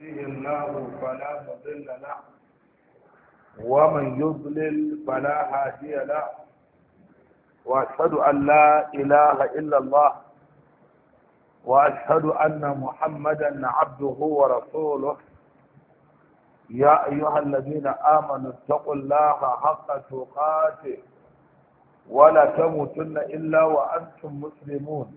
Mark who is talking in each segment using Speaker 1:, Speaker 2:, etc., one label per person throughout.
Speaker 1: يهديه الله فلا مضل له ومن يضلل فلا هادي له واشهد ان لا اله الا الله واشهد ان محمدا عبده ورسوله يا ايها الذين امنوا اتقوا الله حق تقاته ولا تموتن الا وانتم مسلمون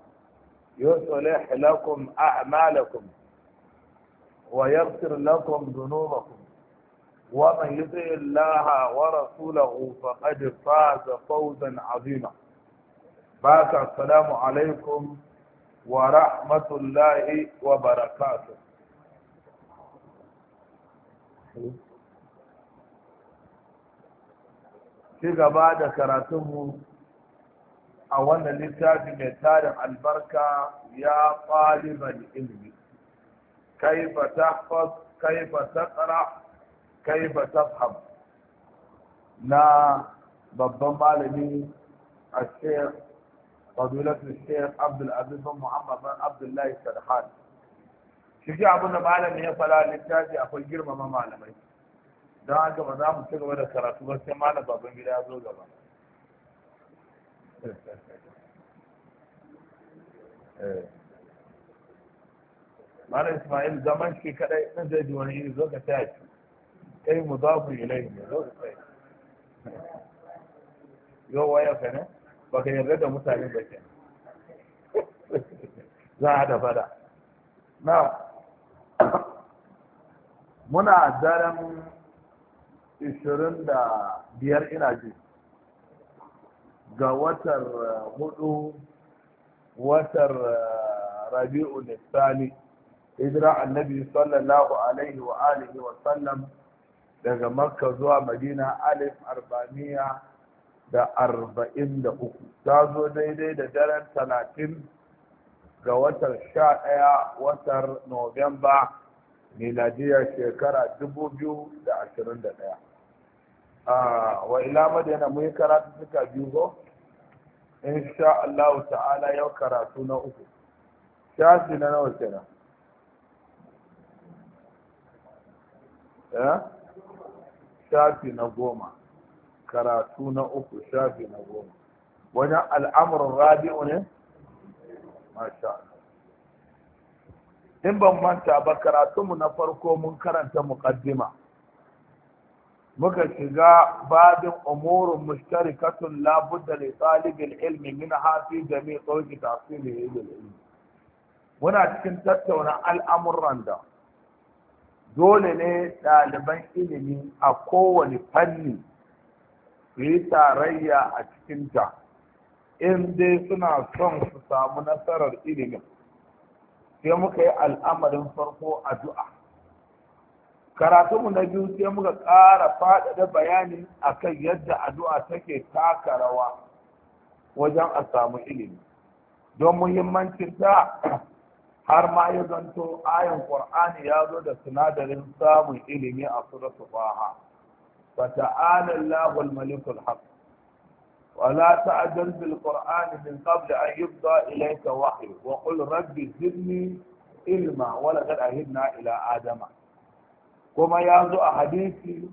Speaker 1: يصلح لكم أعمالكم ويغفر لكم ذنوبكم ومن يطع الله ورسوله فقد فاز فوزا عظيما
Speaker 2: بعد السلام عليكم
Speaker 1: ورحمة الله وبركاته في بعد كراتمه a wannan littafi mai tarin albarka ya ɗaliban ilmi kaifa tahfaz kaifa ba kaifa tafham na babban malami a cikin Fadulatu sheikh abdul aziz bin muhammad abdullahi sarhan shi abinda malami ya fara littafi akwai girmama malamai don haka ba za mu ci gaba da karatu ba sai malam babban gida ya zo gaba Eh. mara ismail zaman shi kadai na zai wani iri zo ka taya shi kai mu za ku ilai ne zo ka taya yau waya ka ne ba ka yarda da mutane ba ke za a da fada na muna daren 25 ina ji ga watar uh, hudu watar uh, rabi'u lissani idra annabi sallallahu alaihi wa alihi wa sallam daga makka zuwa madina alif arba'iniya da arba'in da uku ta zo daidai da daren talatin ga watar sha ɗaya watar novemba miladiya shekara dubu biyu da ashirin da ɗaya uh, wa ila madina mun yi karatu suka biyu ko in sha Allah ta'ala yau karatu na uku shafi na nawa kenan eh shafi na goma karatu na uku shafi na goma wajen al'amurin rabi'u ne masha in ban manta ba karatunmu na farko mun karanta muqaddima muka shiga babin umurun mushtarikatun la budda li ilmi min hafi jami' tawqi tafsili ilmi muna cikin tattauna al'amuran da dole ne ɗaliban ilimi a kowane fanni su yi tarayya a cikin ta. in dai suna son su samu nasarar ilimin sai muka yi al'amarin farko addu'a karatunmu na biyu sai muka ƙara faɗaɗa bayani akan yadda addu'a take taka rawa wajen a samu ilimi don muhimmancin ta har ma ya zanto ayin ƙur'ani ya zo da sinadarin samun ilimi a suratul faha fata'ala Allahul malikul haq ولا تعجل بالقرآن an قبل أن يبقى إليك وحي rabbi رب ilma, علما ولقد أهدنا ila-adama. kuma ya zo a hadisi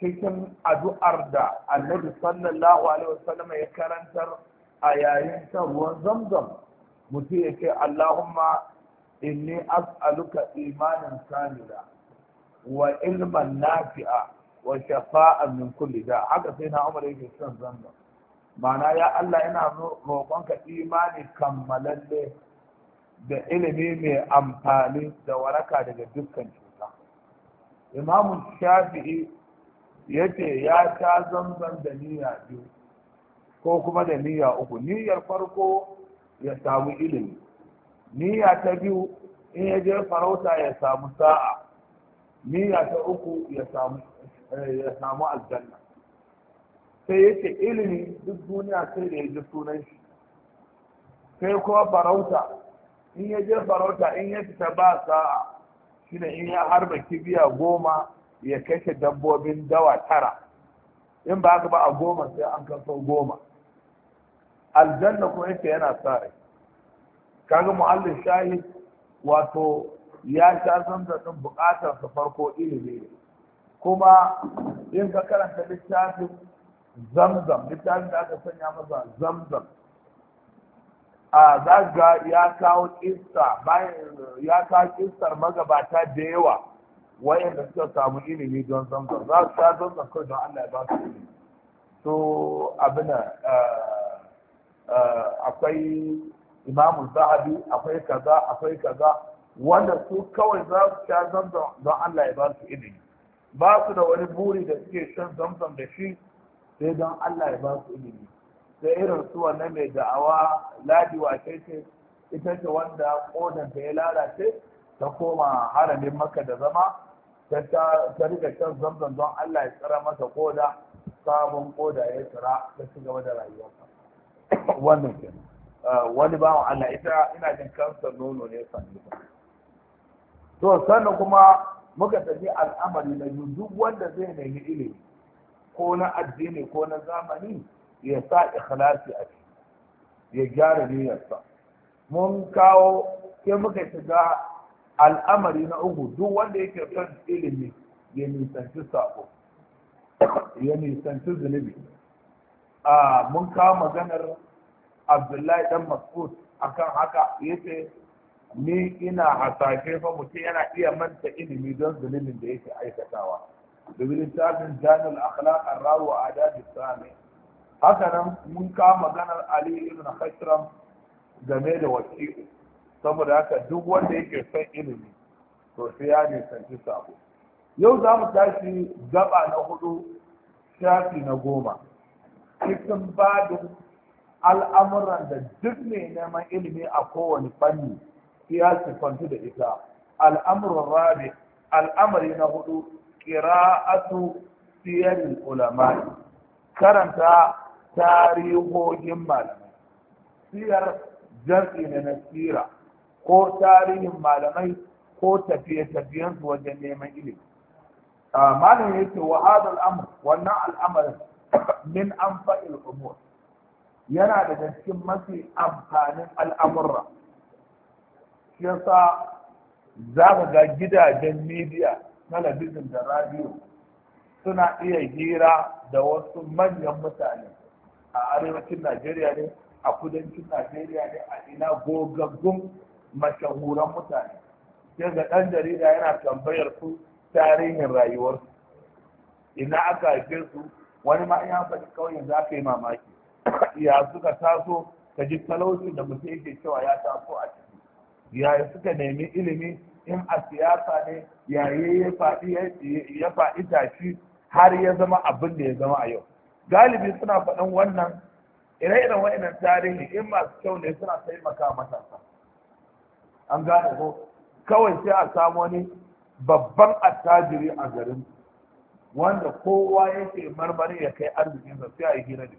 Speaker 1: cikin addu'ar da annabi sallallahu alaihi wasallam ya karantar a yayin shan ruwan zamzam mutum ya ce allahumma inni as'aluka imanin kamila wa ilman nafi'a wa shafa'a min kulli da haka sai na umar yake shan zamzam ma'ana ya Allah ina roƙonka imani kammalalle
Speaker 2: da ilimi mai amfani
Speaker 1: da waraka daga dukkan imamu shafi'i ya ce ya ta zamban da niyya biyu ko kuma da niyya uku niyyar farko ya samu ilimi niyya ta biyu in ya je farauta ya samu sa'a niyya ta uku ya samu eh, ya samu aljanna sai ya ce ilimi duk duniya sai da ya ji sunan shi sai kuma farauta in ya je farauta in ya fita ba sa'a shine in ya harba kibiya goma ya kashe dabbobin dawa tara in ba haka ba a goma sai an kaso goma aljanna kuma yake yana sare kaga mu'allin shahid wato ya sha zanzan din bukatar sa farko ilimi ne kuma in ka karanta littafin zamzam littafin da aka sanya masa zamzam a zaga ya kawo kissa bayan ya kawo kissar magabata da yawa wayanda suka samu ilimi don zamzam za su sha zamzam kawai don Allah ya ba su ilimi to abina eh, eh, akwai imamu zahabi akwai kaza akwai kaza wanda su kawai za su sha zamzam don Allah ya ba su ilimi ba su da wani buri da suke shan zamzam da shi sai don Allah ya ba su ilimi da irin su wannan mai da'awa ladi wace ce ita ce wanda kodanta ya lalace ta koma haramin maka da zama ta rika shan zamzam don Allah ya tsira mata koda sabon koda ya tsira ta ci gaba da wannan ke eh, wani wa Allah ita ina jin kansar nono ne sanni to sannan kuma muka tafi al'amari na duk wanda zai nemi ilimi ko na addini ko na zamani ya sa ikhlasi a ciki ya gyara niyarsa mun kawo sai muka shiga al'amari na uku duk wanda yake son ilimi ya nisanci sako ya nisanci zunubi a mun kawo maganar abdullahi dan mas'ud akan haka yace ni ina hasashe fa mutum yana iya manta ilimi don zunubin da yake aikatawa da littafin janul akhlaq ar a wa adab sami haka nan mun kama maganar ali ibn hasram game da wasi'u saboda haka duk wanda yake san ilimi to sai ya nisanci sabo yau za mu tashi gaba na hudu shafi na goma cikin babin al'amuran da duk mai neman ilimi a kowane fanni ya sifantu da ita al'amuran rabi al'amari na hudu kira'atu siyar ulama karanta tarihohin malamai siyar jam'i da na tsira, ko tarihin malamai ko tafiye-tafiyensu wajen neman ilimi ah, malam ya ce wa hadal amr wannan al'amarin min an fa'il umur yana da cikin mafi amfanin al'amurra shi yasa za ka ga gidajen media talabijin da radiyo suna iya hira da wasu manyan mutane a arewacin najeriya ne a kudancin najeriya ne a ina gogaggun mashahuran mutane sai ga ɗan jarida yana tambayar su tarihin rayuwarsu ina aka haife su wani ma ya faɗi kauyen za ka yi mamaki ya suka taso ka ji talauci da mutum yake cewa ya taso a ciki ya suka nemi ilimi in a siyasa ne faɗi ya faɗi tashi har ya zama abin da ya zama a yau galibi suna faɗin wannan ire-iren wa'inan tarihi in masu kyau ne suna taimaka matasa an gane ko kawai sai a samu wani babban attajiri a garin wanda kowa yake marmari ya kai arzikinsa sai a yi hira da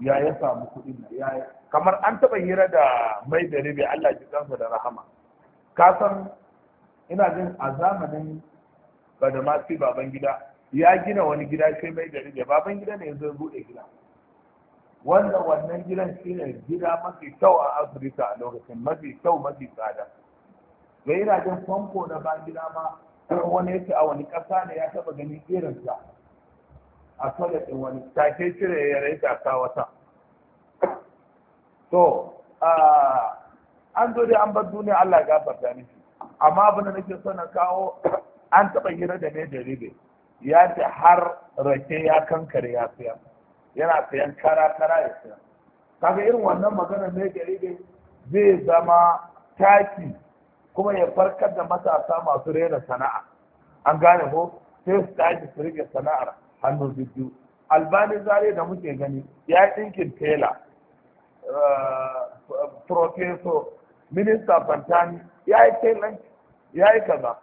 Speaker 1: ya ya samu kuɗin na ya kamar an taɓa hira da mai da ribe Allah ji kansa da rahama ka san ina jin a zamanin ba da baban gida ya gina wani gida sai mai gari da baban gida ne yanzu ya bude gida wanda wannan gidan shi ne gida mafi kyau a afirka a lokacin mafi kyau mafi tsada da yana jin famfo na ba gida ma wani ce a wani ƙasa ne ya taɓa ganin irinsa a ɗin wani take cire ya rai ta wata to an zo dai an bar duniya Allah ya gafarta miki amma abin da nake so na kawo an taɓa hira da ne da ribe ya ce har rake ya kankare ya siya yana sayan kara kara ya siya kaga irin wannan magana ne gari ne zai zama taki kuma ya farkar da matasa masu rena sana'a an gane ko sai su tashi su rike sana'ar hannu biyu albani zare da muke gani ya tinkin tela eh, professor minista fantani ya yi ya yi kaza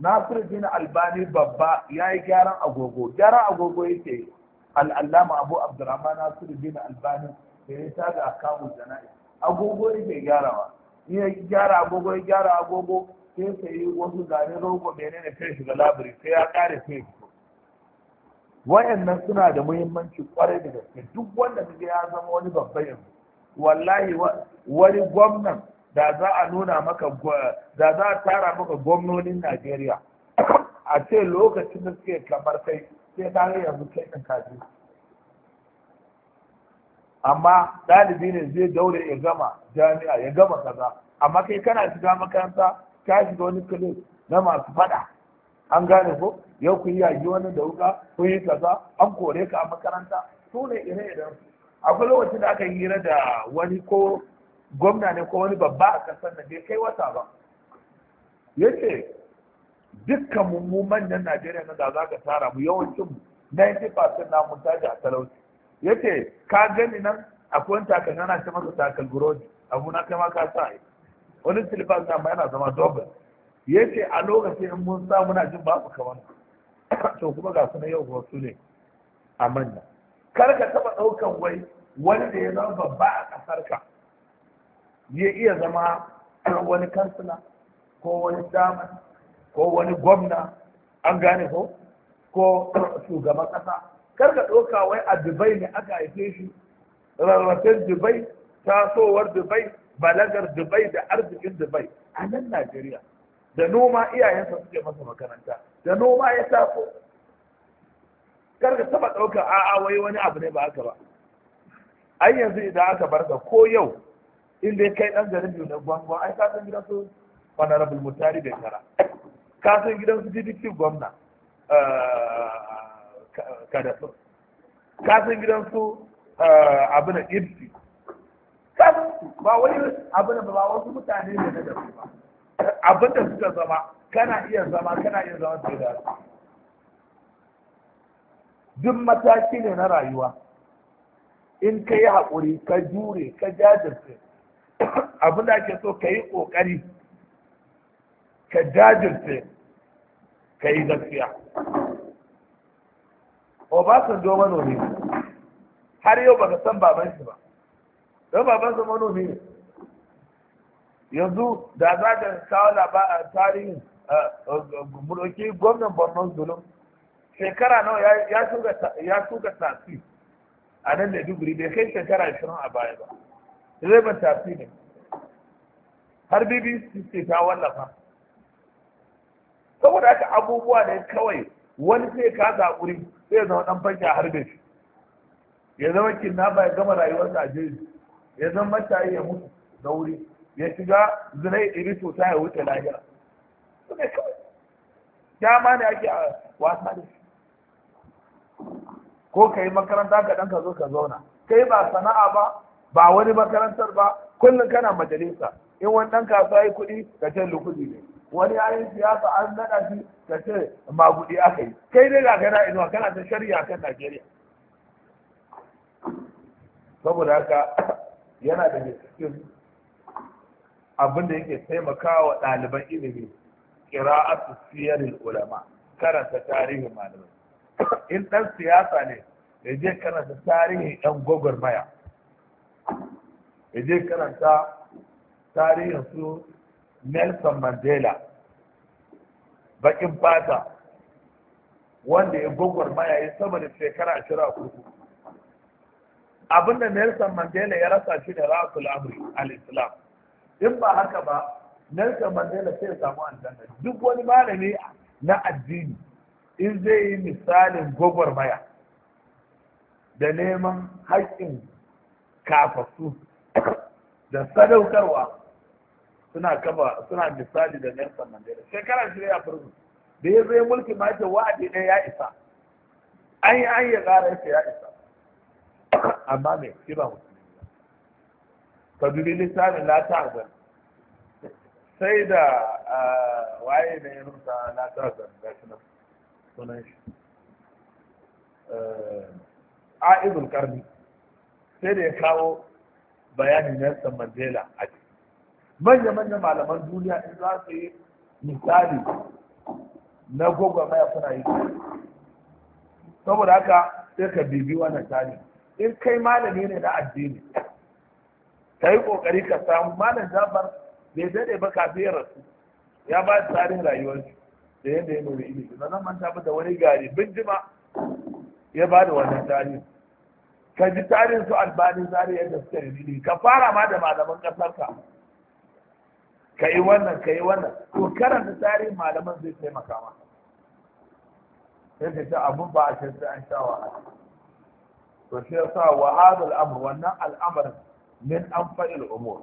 Speaker 1: Nasiru nasiruddin albani babba ya yi gyaran agogo gyaran agogo yake al'allama abu abdurrahman nasiruddin albani da ya taga a kamun jana'i agogo yake gyarawa in ya gyara agogo ya gyara agogo sai ka yi wasu zane rogo menene sai shiga labiri sai ya kare sai fito wayannan suna da muhimmanci kwarai da gaske duk wanda kaga ya zama wani babban yanzu wallahi wani gwamnan da za a nuna maka da za a tara maka gwamnonin Najeriya a ce lokacin da suke kamar kai sai ka yi yanzu kai ɗin kaji amma ɗalibi ne zai daure ya gama jami'a ya gama kaza amma kai kana shiga makaranta ka shiga wani kilis na masu faɗa an gane ko yau kun yi wani da wuka kun yi kaza an kore ka a makaranta su ne ire-iren akwai lokacin da aka yi hira da wani ko gwamna ne ko wani babba a kasar da bai kai wata ba ya ce dukkan mu manyan najeriya na da za ka tara mu yawancin mu 90% na mun tashi a talauci ya ce ka gani nan akwai wani takalmi ana ce masa takalburodi abu na kai ma ka sa yi. wani silifas na ma yana zama dogon ya ce a lokacin in mun sa muna jin babu kamar to kuma ga su na yau su ne a manya kar ka taba ɗaukan wai wanda ya zama babba a ƙasar ka ya iya zama wani kansila ko wani daman ko wani gwamna an gane ko ko shugaban ƙasa kar ka ɗauka wai a dubai ne aka haife shi rarrafen dubai tasowar dubai balagar dubai da arzikin dubai a nan najeriya da noma iyayensa suke masa makaranta da noma ya taso kar ka taɓa ɗauka a'a wai wani abu ne ba haka ba ai yanzu idan aka bar ka, ko yau in dai kai dan garin biyu na gwangwa ai ka san gidan su honorable mutari da kara ka san gidan su DDP gwamna eh, kada su ka san gidan su eh, abu na ibsi ba wani abu da ba wasu mutane ne na dabu ba abin da suka zama kana iya zama kana iya zama fiye da duk mataki ne na rayuwa in ka yi haƙuri ka jure ka jajirce abin da ake so ka yi ƙoƙari ka jajirce ka yi gaskiya obasanjo manomi har yau ba ka san baban shi ba don baban su manomi ne yanzu da za ka kawo labarin tarihin mulki gwamnan borno zulum shekara nawa ya shuka tasi a nan da duguri bai kai shekara shirin a baya ba direban tafi ne har bbc ce ta wallafa saboda haka abubuwa ne kawai wani sai ka zaɓuri sai ya zama ɗan fanki a harbe shi ya zama kidnapper ya gama rayuwarsa a jeji ya zama mashayi ya mutu da wuri ya shiga zinai iri ta ya wuce lahira suka kawai dama ne ake a wasa da shi ko ka yi makaranta ka ɗan ka zo ka zauna kai ba sana'a ba ba wani makarantar ba kullum kana majalisa in wani ɗan kasuwa yi kuɗi ka ce lukudi ne wani ya yi siyasa an naɗa shi ka ce magudi aka yi kai dai ga kana inuwa kana ta shari'a kan najeriya saboda haka yana da cikin abin da yake taimakawa ɗaliban ilimi ƙira'atu siyarin ulama karanta tarihin malamai in ɗan siyasa ne da je karanta tarihin ɗan gwagwarmaya ya karanta tarihin su nelson mandela bakin fata wanda ya gogwar maya ya sama da shekara ashirin a kurkuku abinda nelson mandela ya rasa shi da rasul amri al-islam in ba haka ba nelson mandela sai ya samu aljanna duk wani malami na addini in zai yi misalin gogwar maya da neman haƙƙin kafasu da sadaukarwa suna kafa suna misali da Nelson Mandela shekara shirya ya furzu da ya zai mulki ma ce wa'adi ɗaya ya isa an yi an yi ƙara yake ya isa amma mai shi ba musulmi ba ka dubi littafin lata zan sai da waye ne ya nusa lata zan ga shi nan sunan shi eh, a izul karni sai da ya kawo bayanin na Mandela a manya manya malaman duniya in za su yi misali na gwagwarmaya kuna yi saboda haka sai ka bibi wani tarihi in kai malami ne na addini ka yi kokari ka samu malam jabar bai daɗe ba kafin ya rasu ya ba da tsarin rayuwarsu da yadda ya nuna ilimi na zan manta ba da wani gari bin jima ya ba da wani tarihi ka ji tarin su albani zari yadda suka yi ne ka fara ma da malaman kasar ka ka yi wannan ka yi wannan to karanta tarihin malaman zai taimaka ma sai ka ce abun ba a sai an sha wahala to shi yasa wa hadal amr wannan al'amar min fa'il umur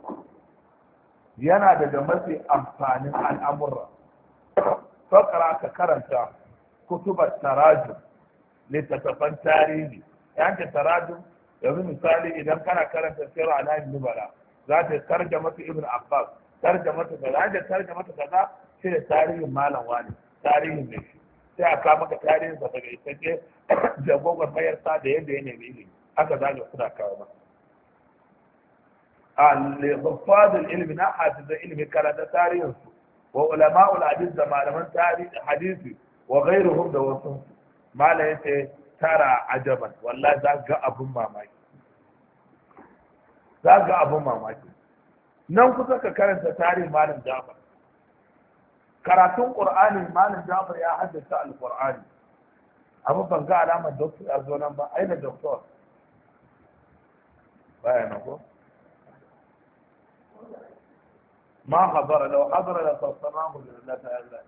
Speaker 1: yana daga mafi amfanin al'amurra fakara ka karanta kutubar tarajum littattafan tarihi ta hanyar taradu yanzu misali idan kana karanta na alamin nubala za ta tarjama masu ibn abbas tarjama ta kaza da tarjama ta kaza shi ne tarihin malam wani tarihin ne shi sai a kama ka tarihin sa daga ita ke jagogon mayar sa da yadda ya nemi ilimi haka za ka kuna kawo ba al-huffazul ilmi na hafizan ilmi karanta tarihin su wa ulama'ul hadith da malaman tarihi hadisi wa ghairuhum da wasu malam ce. tara ajaban wallahi za ga abin mamaki za ga abin mamaki nan kusa ka karanta tarihin malam jafar karatun qur'ani malam jafar ya haddasa alqur'ani amma ban ga alamar doctor ya zo nan ba ai da doctor baya na ko ma habara law habara la tasamahu lillahi ta'ala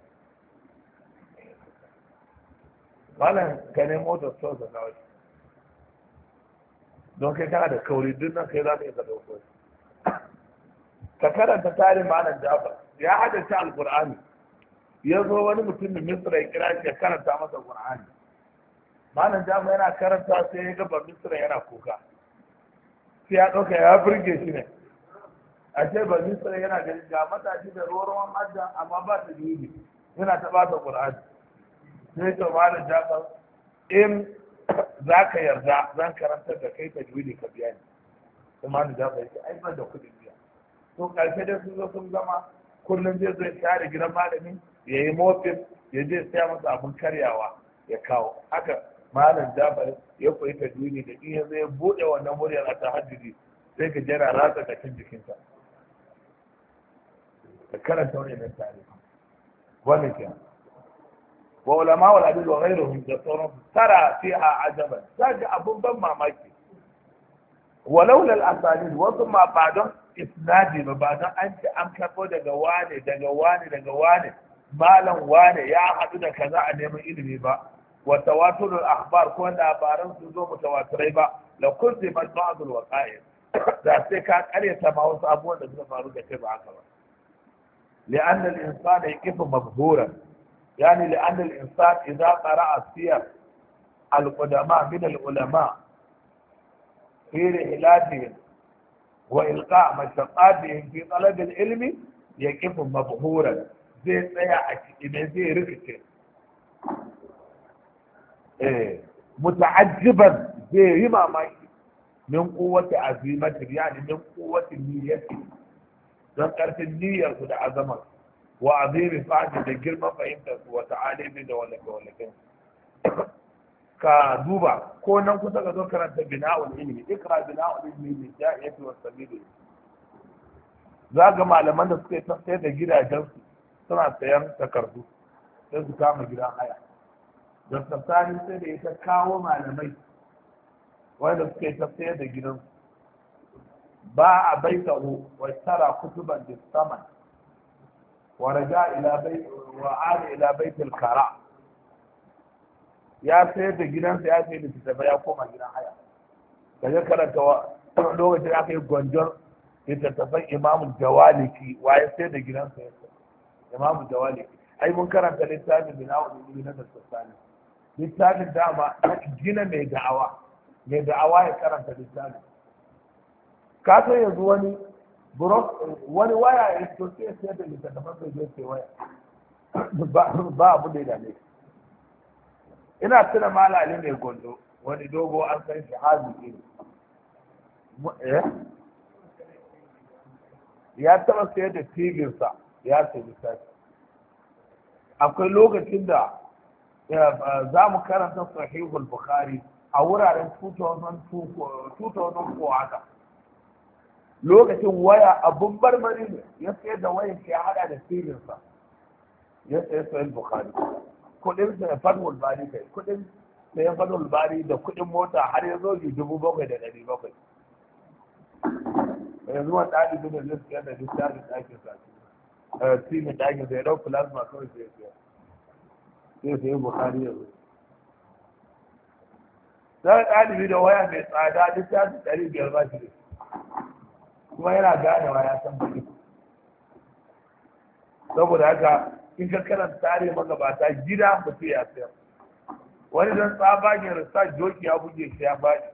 Speaker 1: malam ka ne motar sau da kawai don kai kana da kauri duk nan kai za mu yi zaɓe dauko ka karanta tarin malam jafar ya haddace Alƙur'ani. ya zo wani mutumin misra ya kira shi ya karanta masa alƙur'ani malam jafar yana karanta sai ya gaba misra yana kuka sai ya ɗauka ya burge shi ne a ce ba misra yana ganin ga matashi da ruwan madda amma ba ta juyi yana ta ɓata alƙur'ani sai ka ware jafar in za ka yarda zan karantar da kai tajwidi ka biya ni kuma da jafar yake ai ban da kuɗin biya to ƙarshe da sun zo sun zama kullum zai zo ya share gidan malami ya yi mofin ya je sai masa abin karyawa ya kawo haka malam jafar ya koyi tajwidi da in yanzu ya buɗe wannan muryar a tahajjudi sai ka jira ratsa da cikin jikinta Ka karanta wani nan tare wannan kenan wa ulama wal adil wa ghayruhum da tara fiha ajaban zaka abun ban mamaki walau lal asalin wasu ma ba don isnadi ba ba don an ci an daga wane daga wane daga wane malam wane ya haɗu da kaza a neman ilimi ba wa tawaturul akhbar ko labaran su zo mutawatirai ba la kunti man ba'dul waqa'i da sai ka karyata ta wasu abubuwan da suka faru da kai ba haka ba li'anna al-insana yaqifu mabhuran يعني لأن الإنسان إذا قرأ السير القدماء من العلماء في رحلاتهم وإلقاء مشقاتهم في طلب العلم يقف مبهورا زي تسيا إذا زي ركتين إيه متعجبا زي ما ماشي min kowace azimatin yani min kowace niyyatin don karfin niyyar ku da azamar wa azimi fadi da girman fahimtar su wata alimi da wallafe wallafe ka duba ko nan kusa ka zo karanta bina'ul ilmi ikra bina'ul ilmi da ja'iyati was sabili za ga malaman da suka tafsir da gidajensu suna sayan takardu sai su kama gidan haya da tafsirin sai da ita kawo malamai wanda suka tafsir da gidansu. ba a bai baitahu wa tara kutuban da saman waraja ila bai wa'ada ila baitul kara ya sayar da gidansa ya sayar da littattafai ya koma gidan haya kaje karanta lokacin aka yi gwanjon littattafan imamul jawaliki waye sayar da gidansa ya sayar imamul jawaliki ai mun karanta littafin bin awon ilimi na littafin dama gina mai da'awa mai da'awa ya karanta littafin ka san yanzu wani burok wani waya ya fito sai ya sayar da littattafan sai zai waya ba abu da ya dame ina tuna malali ne gondo wani dogo an san shi haziki ne eh? ya taba sayar da tibinsa ya sayi littafi akwai lokacin da eh, za mu karanta sahihul bukhari a wuraren 2004 haka lokacin waya abun marmarin ya sayar da wayan ke hada da filinsa ya sayar sayar bukari kudin sa ya fadwal bari kai kudin sa ya fadwal bari da kudin mota har ya zo dubu bakwai da dari bakwai yanzu wani ɗari dubu da zai da duk tarin ɗakin sa filin ɗakin sa ya ɗau plasma kawai sai ya sayar sai sai bukari ya zo sai ɗalibi da waya mai tsada duk tarin ɗari biyar ba shi ne kuma yana ganewa ya san bai saboda haka in ka karanta tare magabata gida mutu ya sayar wani dan tsabagen rasa joki ya buge shi ya bashi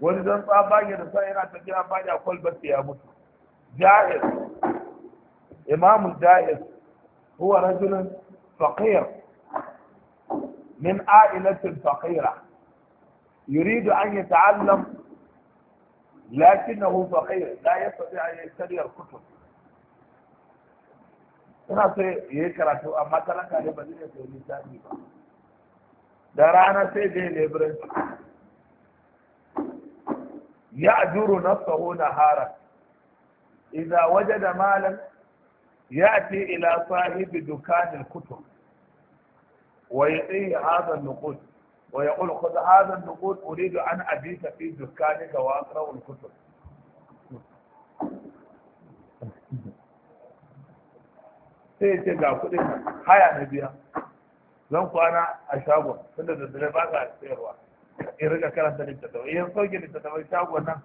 Speaker 1: wani dan tsabagen rasa yana tafiya bashi a kwalbasa ya mutu jahil imamu jahil huwa rajulun faqir min a'ilatin faqira yuridu an yata'allam لكنه فقير لا يستطيع أن يشتري الكتب Ina so ya yi karatu amma talaka ne ba zai iya sayi littafi ba da rana sai dai lebirin ya ajuru nafsahu nahara idza wajada malan ya'ti ila sahibi dukanin kutub wa yati hadha an-nuqud ويقول خذ هذا النقود أريد أن أبيت في دكانك وأقرأ الكتب sai ce ga kuɗin haya na biya zan kwana a shagon tunda da dare ba ka sayarwa in riga karanta littattafai in sauke littattafai shagon nan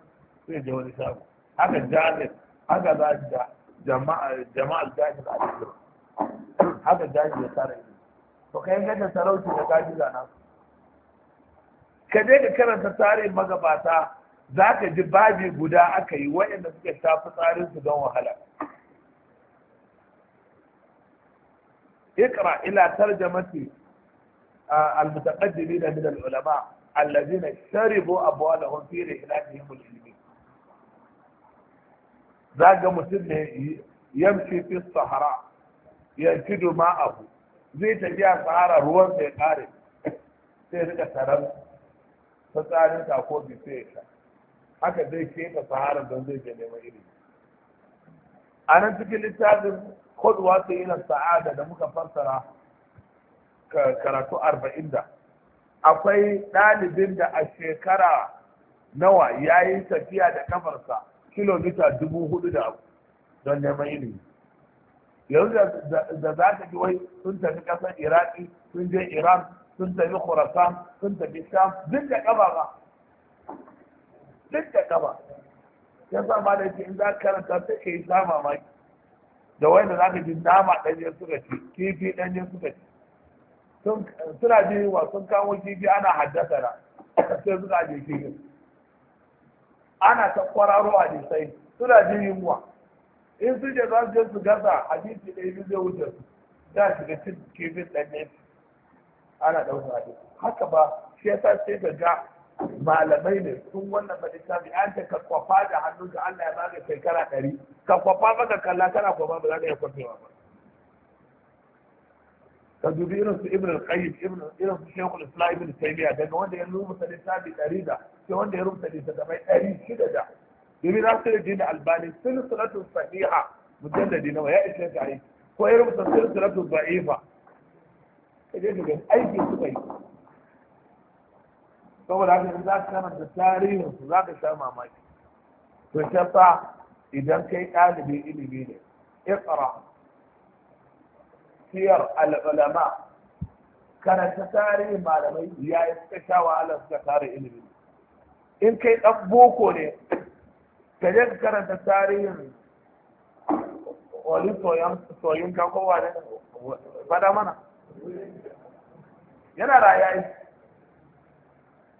Speaker 1: sai je wani shagon haka jalib haka za ja jama'al jahil a cikin haka jahil ya tara ilimi to kai ga da sarauci da gajiza nasu ka je ka karanta tsarin magabata za ka ji babi guda aka yi waɗanda suka shafi tsarin su don wahala ikra ila tarjamati al-mutaqaddimin min al-ulama alladhina sharibu abwalahum fi rihlatihim al-ilmi zaga mutum ne yamshi fi sahara ma ma'ahu zai tafiya sahara ruwan sai kare sai rika tarar Ta tsarin ta ko bife ka haka zai keta sahara don zai je neman iri. a nan cikin littafin kodwa ta yi sa'ada da muka fassara karatu arba'in da akwai ɗalibin da a shekara nawa ya yi tafiya da kafarsa kilomita dubu hudu da don neman ilimi yanzu da za ta ji wai sun tafi ƙasar iraki sun je iran sun tafi khurasan sun tafi sham duk da kaba ba duk da kaba ya sa ma da yake in za ka karanta sai ka yi sama ma da wanda za ka ji nama ɗanye suka ci kifi ɗanye suka ci suna ji wa sun kawo kifi ana haddasa na sai suka je kifi ana ta ne, sai suna ji muwa. in sun je za su je su gasa hadisi ɗaya biyu zai wuce su za su ga cin kifin ɗanye ana ɗauka hadisi haka ba shi yasa sai ka ga malamai ne sun wannan littafi an ta kakwafa da hannun ka Allah ya baka shekara ɗari kakwafa maka kalla kana kwaba ba za ka iya kwafewa ba ka dubi irin su ibn al-qayyim ibn irin su shaykh al-islam ibn taymiya daga wanda ya rubuta littafi ɗari da sai wanda ya rubuta da littafi ɗari shida da domin da albani silsilatu sahiha mujalladi nawa ya ishe ka aiki ko ya rubuta silsilatu da'ifa ka je ka ga aiki suka yi saboda haka in za ka karanta tarihin su za ka sha mamaki to ta sa idan kai ɗalibi ilimi ne iqra siyar al'ulama karanta tarihin malamai ya yi suka sha wahala suka kare ilimi in kai ɗan boko ne ka je ka karanta tarihin wani soyin kan kowa ne fada mana yana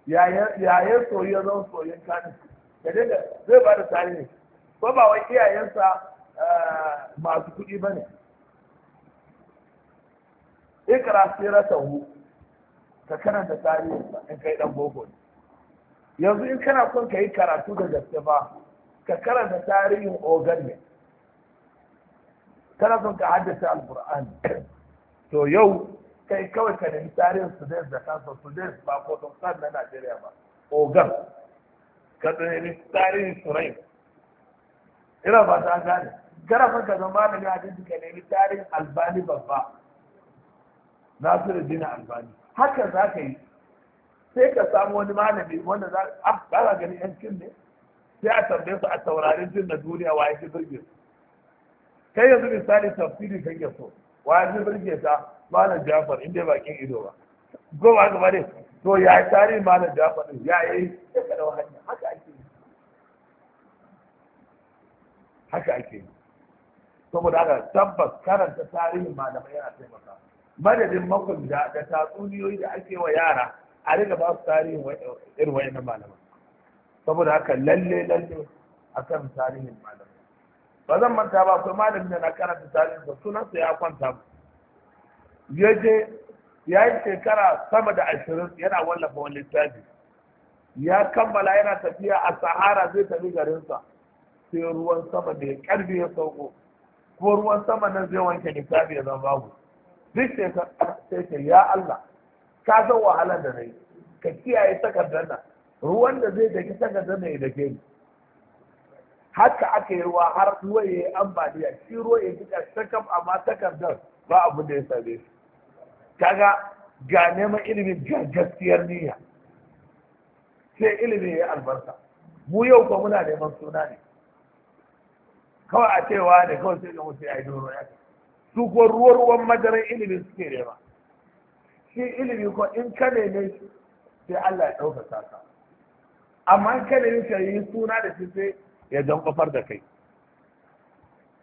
Speaker 1: yi yayin soyayya zan soyayyen kanin da daga zai ba da tarihi ko ba wai iyayensa eh, masu kuɗi ba ne ikra hu ka karanta tarihinsa in kai dan boko ne yanzu in kana son ka yi karatu da gaske ba ka karanta tarihin ogan ne kana son ka haddace alkur'ani to yau kai kawai ka nemi tarihin sudan da kansa sudan ba ko san na najeriya ba ogan ka nemi tarihin surai ina ba ta gane gara fa ka zama da hadisi ka nemi tarihin albani babba Na da jina albani haka za ka yi sai ka samu wani malami wanda za ah, a kara gani yankin ne sai a tambaye su a taurarin jin na duniya wa yake birge su kai yanzu misali tafsiri ya so wa yake birge ta malam jafar in bakin ido ba ko ba gaba ne to ya tare malam jafar din ya yi ya kada hanya haka ake yi haka ake yi saboda haka tabbas karanta tarihin malamai yana taimaka madadin makon da da tatsuniyoyi da ake wa yara a riga ba su tarihin irin na malamai saboda haka lalle lalle akan tarihin malamai ba zan manta ba akwai malamin da na karanta tarihin sa sunansa ya kwanta ba ya je ya yi shekara sama da ashirin yana wallafa wani littafi ya kammala yana tafiya a sahara zai tafi garinsa sai ruwan sama da ya karfi ya sauko ko ruwan sama nan zai wanke littafi ya zama babu duk shekara ya Allah ka san wahalar da na yi ka kiyaye takardar nan ruwan da zai daki takardar nan ya dake ni haka aka yi ruwa har ruwa ya yi ambaliya shi ruwa ya ji ƙarshen kam amma takardar ba abu da ya same shi kaga ga neman ilimin ga gaskiyar niyya sai ilimin ya albarka mu yau ko muna neman suna ne kawai a cewa ne kawai sai ga mutu ya yi doro ya su ko ruwa ruwan madarar ilimin suke nema shi ilimi ko in ka neme shi sai Allah ya ɗaukaka ka amma ka neme shi yi suna da shi sai ya don kafar da kai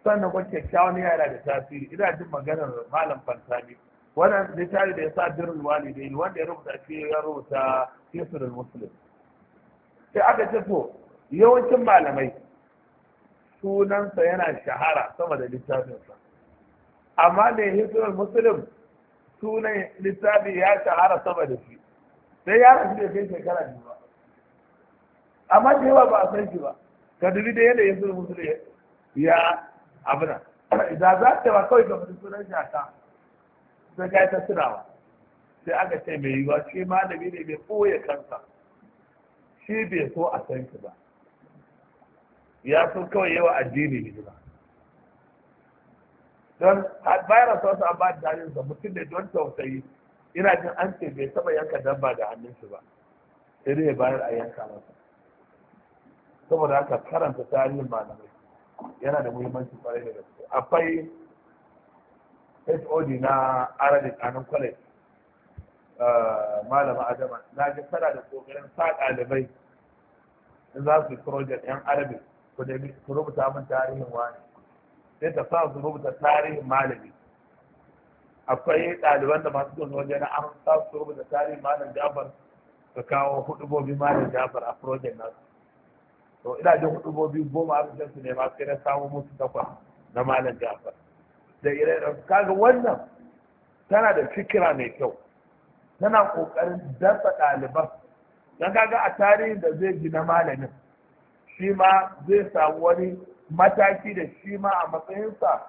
Speaker 1: sannan ko kyakkyawan yara da tasiri ina jin maganar malam fantami wannan misali da ya sa birnin walidai wanda ya rubuta ke ya rubuta fesirin musulun sai aka ce to yawancin malamai sunansa yana shahara sama da littafinsa amma da hisirin musulun sunan littafi ya shahara sama da shi sai ya rasu da kai shekara biyu ba amma da yawa ba a san shi ba ka dubi da yadda hisirin musulun ya abuna idan za ta ba kawai ka fi sunan shaka sai ka yi ta tunawa sai aka ce mai yiwuwa shi malami ne mai ɓoye kansa shi bai so a san shi ba ya so kawai yawa addini hidima don bayan rasuwa an ba da sa mutum ne don tausayi ina jin an ce bai taba yanka dabba da hannun shi ba sai dai bayar a yanka masa saboda haka karanta tarihin malamai yana da muhimmanci kwarai da gaske akwai hod na arabic a nan kwalai ah, malama adama na ji tana da kokarin sa ɗalibai in za su yi project yan arabic ku da ku rubuta min tarihin wani sai ta sa su rubuta tarihin malami akwai ɗaliban da masu gudun waje na an sa su rubuta tarihin malam jafar ka kawo hudubobi malam jafar a project nasu to ina jin hudubobi goma a su ne ma sai na samu musu takwas na malam jafar da irin kaga wannan tana da fikira mai kyau tana kokarin dafa ɗaliban don kaga a tarihin da zai gina malamin shi ma zai samu wani mataki da shi ma a matsayinsa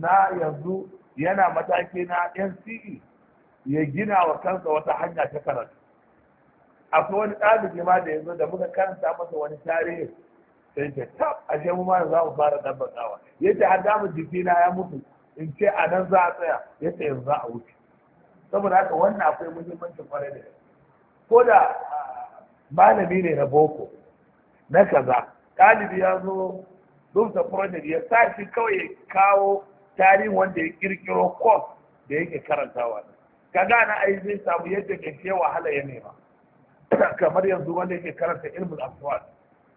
Speaker 1: na yanzu yana mataki na nce ya gina wa kansa wata hanya ta karatu akwai wani ɗalibi ma da yanzu da muka karanta masa wani tarihin. sai ce tab ashe mu ma za mu fara Ya ce har damu jikina ya mutu in ce a nan za a tsaya yace yanzu za a wuce saboda haka wannan akwai muhimmanci kwarai da ko da malami ne na boko na kaza ɗalibi ya zo rubuta project ya sa shi kawai ya kawo tarihin wanda ya kirkiro course da yake karantawa kaga na ai zai samu yadda ke ce wahala ya nema kamar yanzu wanda yake karanta ilmin aswad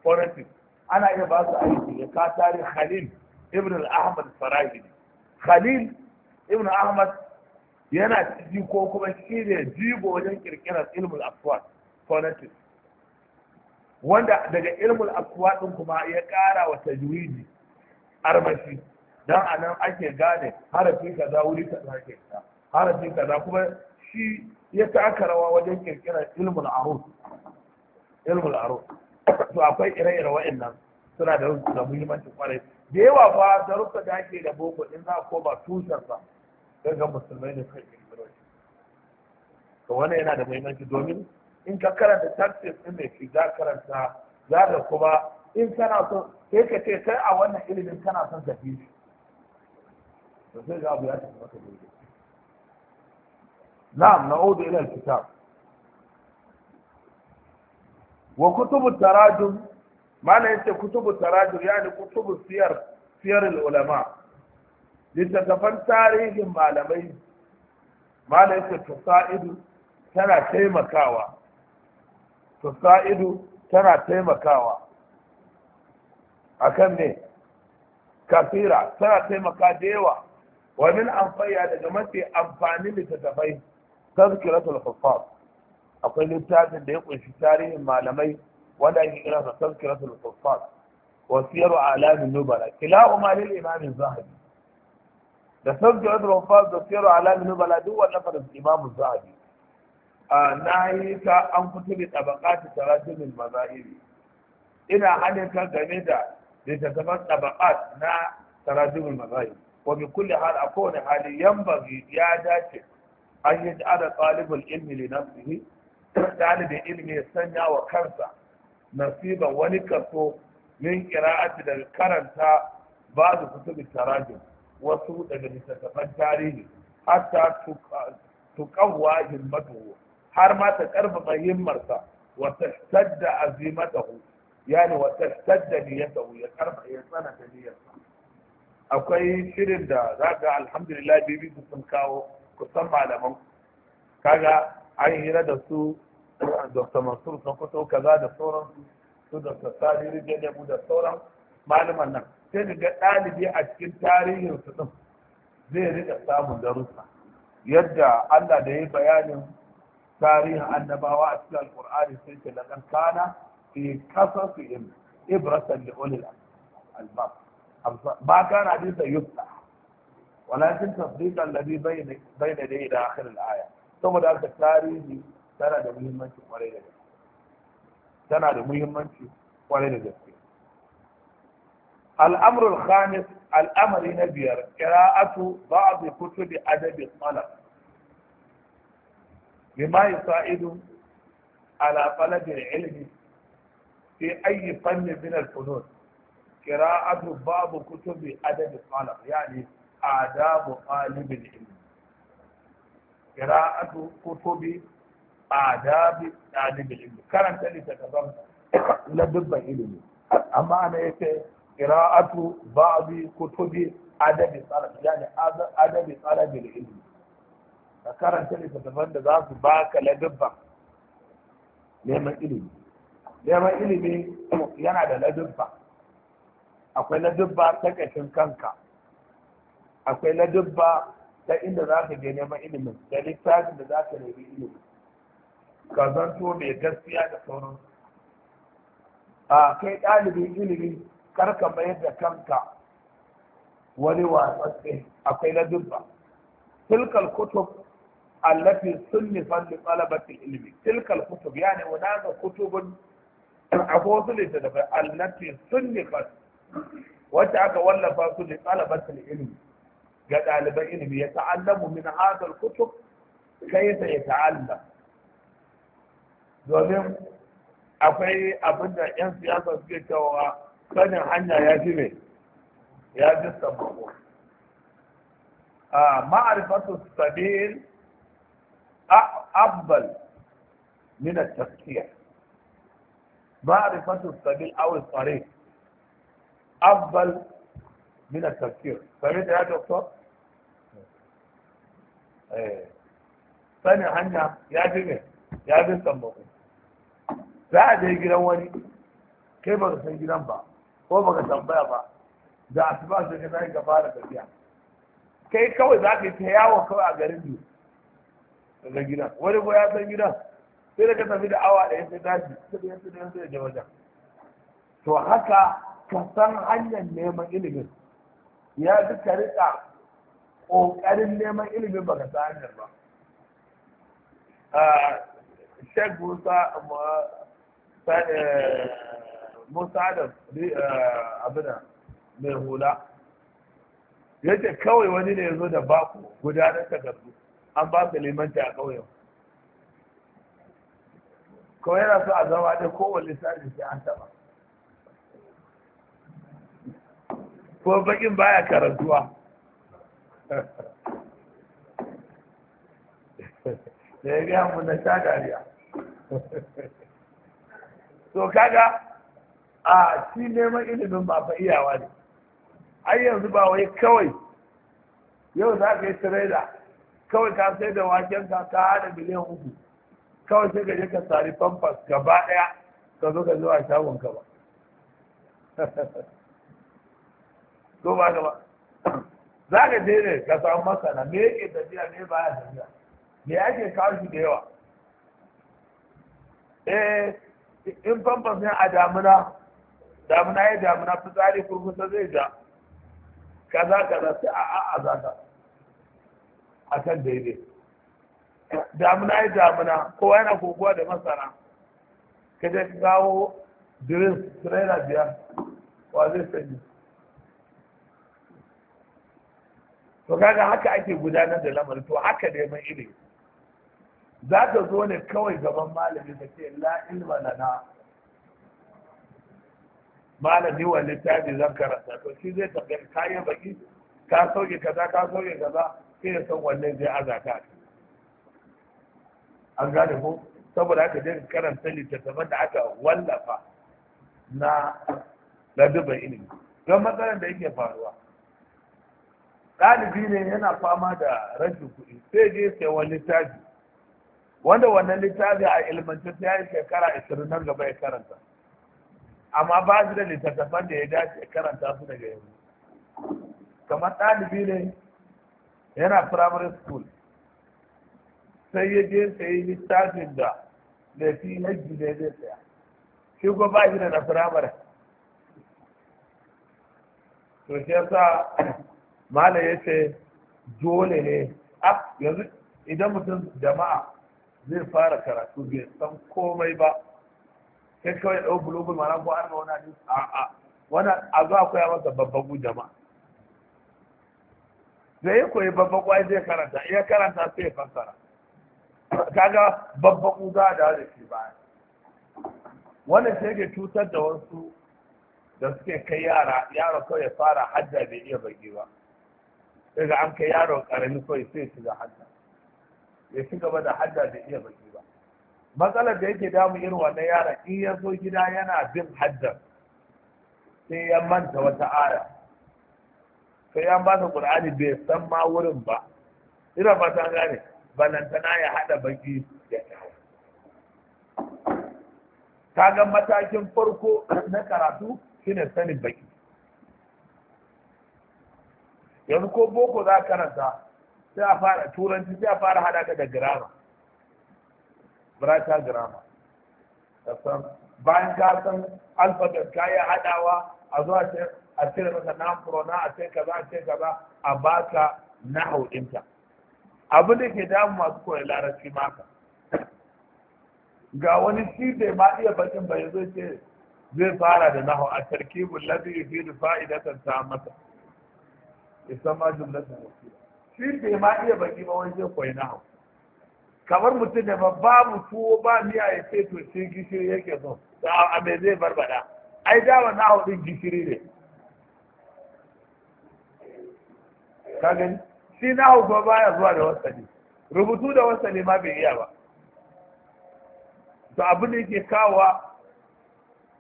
Speaker 1: forensics ana iya ba su aiki ya ka tare khalil ibn al-ahmad farahidi khalil ibn ahmad yana ciki ko kuma shi ne jigo wajen kirkirar ilmul aswad phonetics wanda daga ilmul aswad din kuma ya kara wa tajwidi armashi dan anan ake gane harafi kaza wuri kaza ke ta harafi kaza kuma shi ya taka rawa wajen kirkirar ilmul arus ilmul arus to akwai ire-ire wa'annan suna da da muhimmanci kwarai da yawa ba darussa da ake da boko in za a koma tushensa ga musulmai da kai kirkiro shi to wannan yana da muhimmanci domin in ka karanta tafsir din mai shi za karanta za ka kuma in kana so sai ka ce sai a wannan ilimin kana son ka fi shi to sai ga abu ya tafi maka daidai na'am na'udu ila kitab wa kutubu tarajum mana yace kutubu tarajum yani kutubu siyar siyar ulama littattafan tarihin malamai mana yace tusaidu tana taimakawa tusaidu tana taimakawa akan ne kafira tana taimaka da yawa wa min amfaya daga mafi amfani littattafai tazkiratul hufaz akwai littafin da ya kunshi tarihin malamai wanda ake kira sa al tuffat wa siyaru alamin nubala kilahuma lil imam zahabi da al tuffat da siyaru alamin nubala duk wannan fa imam zahabi na yi ta an fito da tabaqat tarajumul mazahiri ina hada ta game da littattafan tabaqat na tarajumul mazahiri wa bi kulli hal a kowane hali yan ya dace an yi ta'ada talibul ilmi li nafsihi dalibin ilimi ya sanya wa kansa nasiban wani kaso min kira'ati daga karanta ba su kutubi tarajin wasu daga littattafan tarihi hatta tuƙawwa himmatuhu har ma ta ƙarfafa himmarsa wa tashtadda azimatahu yani wa tadda niyyatahu ya karfa ya tsananta niyyarsa akwai shirin da za ga alhamdulillah bibi sun kawo kusan malaman kaga an hira da su dr mansur sokoto kaza da sauran su dr sani rijiyar da sauran malaman nan sai ka ga ɗalibi a cikin tarihin su ɗin zai riƙa samun darussa yadda allah da ya bayanin tarihin annabawa a cikin alƙur'ani sai ce laƙar kana fi kasa su in ibratan da ulil albab ba kana bisa yusta walakin tasdiqan ladhi bayna bayna da ila akhir al-aya saboda haka tarihi tana da muhimmanci kwarai da gaske tana da muhimmanci kwarai da gaske al'amrul khamis al'amari na biyar qira'atu ba'd kutubi adabi talab bima yusa'idu ala talab al-ilm fi ayi fann min al-funun qira'atu ba'd kutubi adabi talab yani adabu talib al-ilm qira'atu kutubi adabi ɗalibin ilimi karanta littattafan ladubban ilimi amma ne yake qira'atu ba'di kutubi adabi salaf yani adabi talabil ilimi ka karanta littattafan da za su baka ladubban neman ilimi neman ilimi yana da ladubba akwai ladubba ta kashin kanka akwai ladubba ta inda za ka je neman ilimin da littafin da za ka nemi ilimin ka zanto mai gaskiya da sauran a kai ɗalibin ilimi karka mayar da kanka wani watsatsi akwai na dubba tilkal kutub allati sunnifan li tsalabatin ilimi. tilkal kutub yani hunaka kutubun da dafa Allafi, sunni, sunnifan wacce aka wallafa su li tsalabatin ilimi. يتعلم على من هذا الكتب كيف يتعلم دولهم أفعي أبدا ينسي هذا الكتب وكان حنا يجبه يا جسد مقبول معرفة السبيل أفضل من التفكير معرفة السبيل أو الطريق أفضل من التفكير سمعت يا دكتور؟ Eh. sanin hanya ya fi ne ya fi sammako za a je gidan wani kai ba ka san gidan ba ko ba ka tambaya ba da asuba su ka tashi ka fara tafiya kai kawai za ka yi ta yawo kawai a garin biyu daga gidan wani ko ya san gidan sai da ka tafi da awa ɗaya sai daji sai da yanzu da yanzu da jawajen to haka ka san hanyar neman ilimin ya fi ka riƙa ƙoƙarin neman ilimin baka ta hanyar ba shek musa eh, musa da eh, abina mai hula ya kawai wani ne ya zo da baku gudanar takardu an ba su limanta a ƙauyen kawai yana so a zama da kowane lissafi sai an taɓa ko bakin baya karantuwa da ya gaya mu na sha dariya to kaga a shi neman ilimin ba fa iyawa ne ai yanzu ba wai kawai yau za ka yi tireda kawai ka sai da waken ka ka hada miliyan uku kawai sai ka je ka sari famfas gaba daya ka zo ka zo a shagon ka ba ko ba gaba za ka je ne ka samu masana me yake tafiya me ya tafiya me yake kawo shi da yawa eh in famfas ne a damuna damuna ya damuna fitsari kurkusa zai ja kaza kaza sai a a za ka a kan daidai damuna ya damuna kowa yana kokowa da masana ka je kawo dirin tirela biyar wa zai sanyi to kaga haka ake gudanar da lamarin to haka neman ilimi za ka zo ne kawai gaban malami ka ce la ilma lana malami wa littafi zan karanta to shi zai tafi kayan baki ka sauke kaza ka sauke kaza sai ya san wannan zai azaka an gane ko saboda haka dai karanta littattafan da aka wallafa na ladabin ilimi don matsalar da yake faruwa ɗalibi ne yana fama da rashin kuɗi sai je sai wani littafi wanda wannan littafi a ilmantar ta yi shekara ashirin nan gaba ya karanta amma ba shi da littattafan da ya dace ya karanta su daga yanzu kamar ɗalibi ne yana primary school sai ya je sai littafin da lafi fi hajji ne zai saya shi ko ba shi da na firamare to shi yasa mala ya ce dole ne yanzu idan mutum jama'a zai fara karatu bai san komai ba kai kawai ɗau bulogul mana ko an wani hadis a a wani a zuwa koya masa babban jama'a zai ya koyi babban ai zai karanta iya karanta sai ya fassara kaga babban za da dawo da shi baya wannan sai ke cutar da wasu da suke kai yara yaro kawai ya fara hadda bai iya bagi ba daga an kai yaro karami kawai sai shiga hadda. ya ci gaba da hadda da iya baki ba matsalar da yake damu irin wannan yara in ya zo gida yana bin hajjar sai ya manta wata aya sai ya ba ta qur'ani bai san ma wurin ba ina ba ta gane balantana ya hada baki ya kaga matakin farko na karatu shine sanin baki yanzu ko boko za karanta sai a fara turanci sai a fara hada ka da girama birata girama bayan ka san alfabet ka yi hadawa a zuwa a cire maka na furona a ce kaza a ce kaza a baka na haudinta abin da ke damu masu koyi larabci maka ga wani shi bai ma iya bakin bai zai ce zai fara da nahu a tarkibul ladhi yufidu fa'idatan ta masa isan ma jumlatin wakila shi bai ma iya baki ba wani zai koyi na hau kamar mutum ne ba babu tuwo ba miya ya ce to shi gishiri yake so da a mai zai barbada ai dama na hau din gishiri ne ka gani shi na hau ba baya zuwa da wasali rubutu da wasali ma bai iya ba to abin da yake kawowa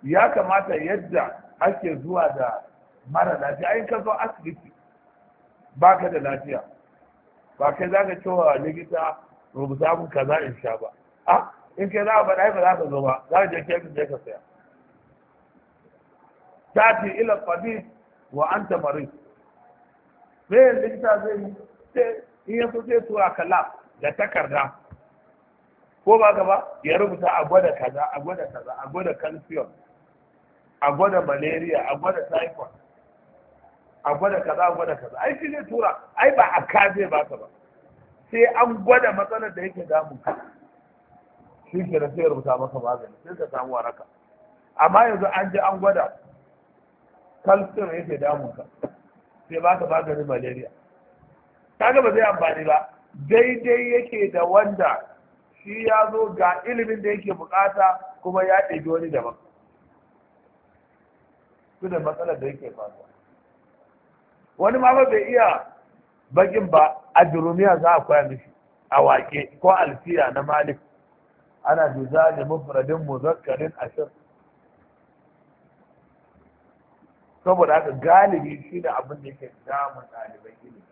Speaker 1: ya kamata yadda ake zuwa da mara lafiya ayin ka zo asibiti ba ka da lafiya ba kai za ka cewa likita rubuta mun kaza in sha ba a in kai za a faɗa ba za ka zo ba za ka je kefin je ka saya fi ila qabi wa anta marid sai likita zai yi sai in ya so zai tura ka lab da takarda ko ba ka ba ya rubuta a gwada kaza a gwada kaza a gwada calcium a gwada malaria a gwada typhoid a gwada kaza a gwada kaza ai shi zai tura ai ba a ka zai ba ka ba sai an gwada matsalar da yake damun ka shi ke sai rubuta maka magani sai ka samu waraka amma yanzu an je an gwada kalsiyum yake damun ka sai ba ka maganin malaria kaga ba zai amfani ba daidai yake da wanda shi ya zo ga ilimin da yake bukata kuma ya ɗebi wani daban su da matsalar da yake faruwa wani ma bai iya bakin ba a jurumiya za a koya mishi a wake ko alfiya na malik ana bizali mufradin muzakkarin ashir saboda haka galibi shi da abin da yake damun ɗalibai ilimi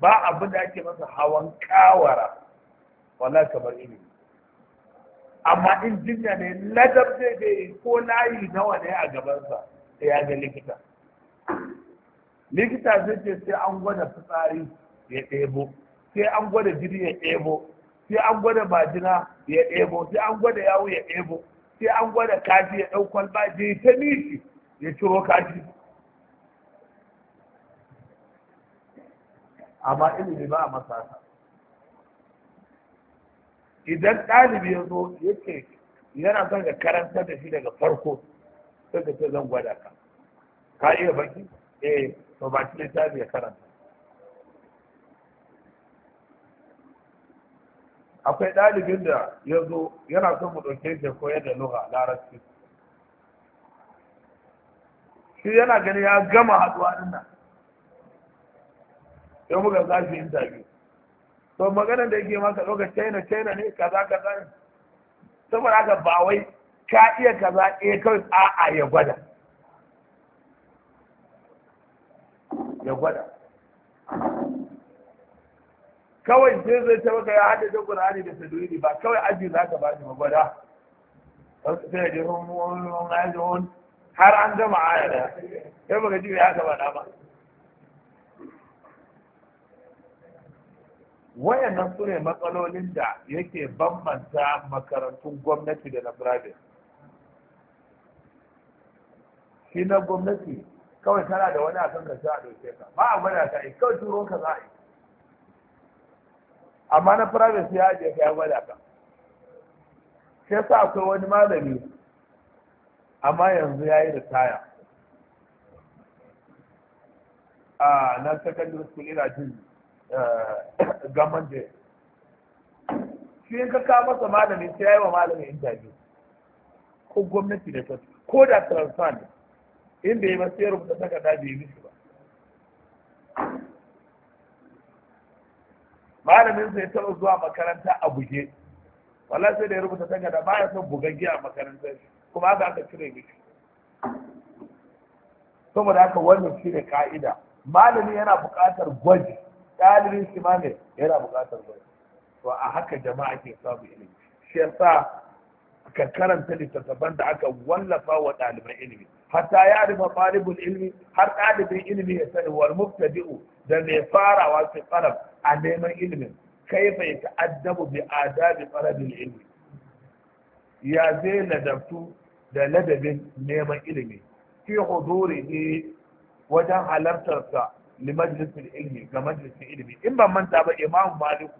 Speaker 1: ba abin da ake masa hawan kawara wala kamar ilimi amma in jinya ne ladab zai ko layi nawa ne a gabansa da ya ga likita likita zai ce sai an gwada fitsari ya ɗebo sai an gwada jini ya ɗebo sai an gwada majina ya ɗebo sai an gwada yawo ya ɗebo sai an gwada kaji ya ɗau kwalba je ta nishi ya ciro kaji amma ilimi ba a masa idan ɗalibi ya zo ya ce yana son ka karanta da shi daga farko sai ka ce zan gwada ka ka iya baki eh to ba shi littafi ya karanta akwai ɗalibin da ya zo yana son mu ɗauke shi koyar da lugha larabci shi yana gani ya gama haɗuwa ɗin nan sai muka za shi interview to maganar da yake maka ɗauka china china ne kaza kaza ne saboda haka ba wai ka iya kaza eh kawai a'a ya gwada ya gwada kawai sai zai ta maka ya hada da qur'ani da tadwiri ba kawai aji za ka bani magwada sai da ruwan ajon har an gama aya da sai baka ji ya ka bada ba wayannan su ne matsalolin da yake bambanta makarantun gwamnati da na private shi na gwamnati kawai kana da wani akan ka sai a ka ba a gwada ka yi kawai turo ka za a yi amma na private ya je ka ya gwada ka shi yasa akwai wani malami amma yanzu ya yi ritaya a na secondary school ina jin eh, gaman da shi ka kawo masa malami sai ya yi wa malami interview ko gwamnati da ta ko da transfer ne Inda ya masu ba da rubuta da bai mishi ba malamin sai taɓa zuwa makaranta a buge wallahi sai da ya rubuta takarda ba ya son bugaggi a makarantar kuma haka aka cire mishi saboda haka wannan shi ne ka'ida malami yana buƙatar gwaji ɗalibin shi ma ne yana buƙatar gwaji to a haka jama'a ke samu ilimi shi yasa ka karanta littattafan da aka wallafa wa ɗaliban ilimi hatta ya rufe ɗalibul ilmi har ɗalibin ilmi ya sani wal mubtadi'u da mai farawa fi talab a neman ilimin kai bai ta'addabu bi adabi talabil ilmi ya zai ladabtu da ladabin neman ilmi, fi ne wajen halartarsa li majlisul ilmi ga ilmi in ban manta ba imam malik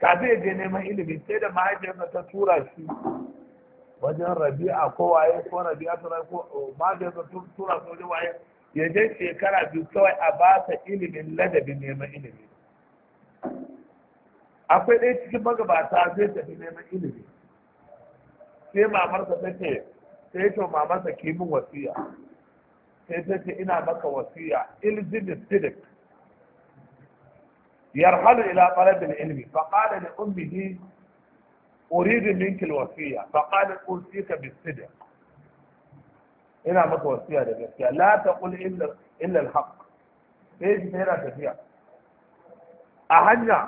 Speaker 1: kafin ya je neman ilimi sai da mahaifiyarta ta tura shi wajen rabi'a ko waye ko rabi'a ta ko oh, mafiya ta tura su wajen waye ya je shekara biyu kawai a ba ta ilimin ladabi neman ilimi akwai ɗaya cikin magabata zai tafi neman ilimi sai mamarsa ta ce sai to mamarsa ki min wasiya sai ta ce ina maka wasiya ilzimin sidik yarhalu ila talabil ilmi fa qala li ummihi uridu minkil wasiya fa qala usika bisidq ina maka wasiya da gaskiya la taqul illa illa alhaq sai ji yana tafiya a hanya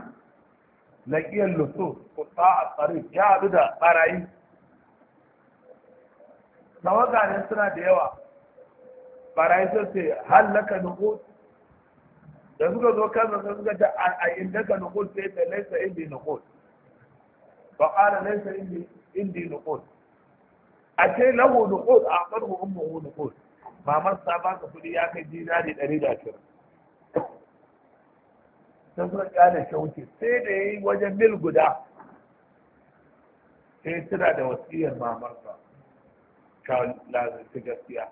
Speaker 1: laqiyal lusus quta'a tariq ya abu da barayi tawaga ne suna da yawa barayi sun ce da suka zo kan suka ga a inda ka nuqut sai ta laisa indi nuqut fa qala laysa indi indi nuqud ashe lahu nuqud aqarhu ummuhu nuqud mamar sa ba ka ya kai dinari 120 sai suka kyale shauki sai da yayi wajen mil guda sai tana da wasiyar mamar sa ka lazarci gaskiya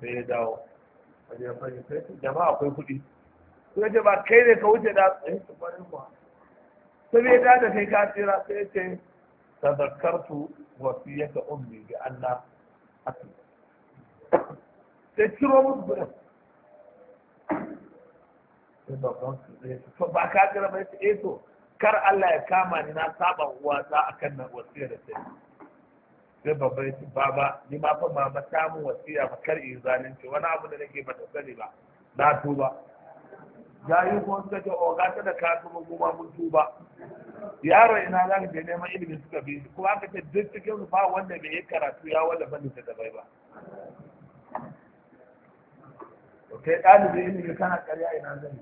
Speaker 1: sai ya dawo wajen fahimta jama'a akwai kudi suka ce ba kai ne ka wuce da tsaye su kwarin kuwa sai ya da kai ka tsira sai ya ce tazakkartu wasiyata ummi bi anna asu sai ciro musu kudin sai babban su zai to ba ka tsira ba sai eto eh kar Allah ya kama ni na saba za akan na wasiyar da sai sai babban ba baba ni ma fa mama samun wasiya ba kar in zalunci wani abu da nake ba ta sani ba na tuba jayu ko suka ce o oh, ga da ka kuma kuma mun tuba yaro ina za ka je neman ilimin suka bi kuma aka ce duk cikin ba wanda bai yi karatu ya wanda ban da dabai ba to kai ɗalibi ilimi kana karya ina zai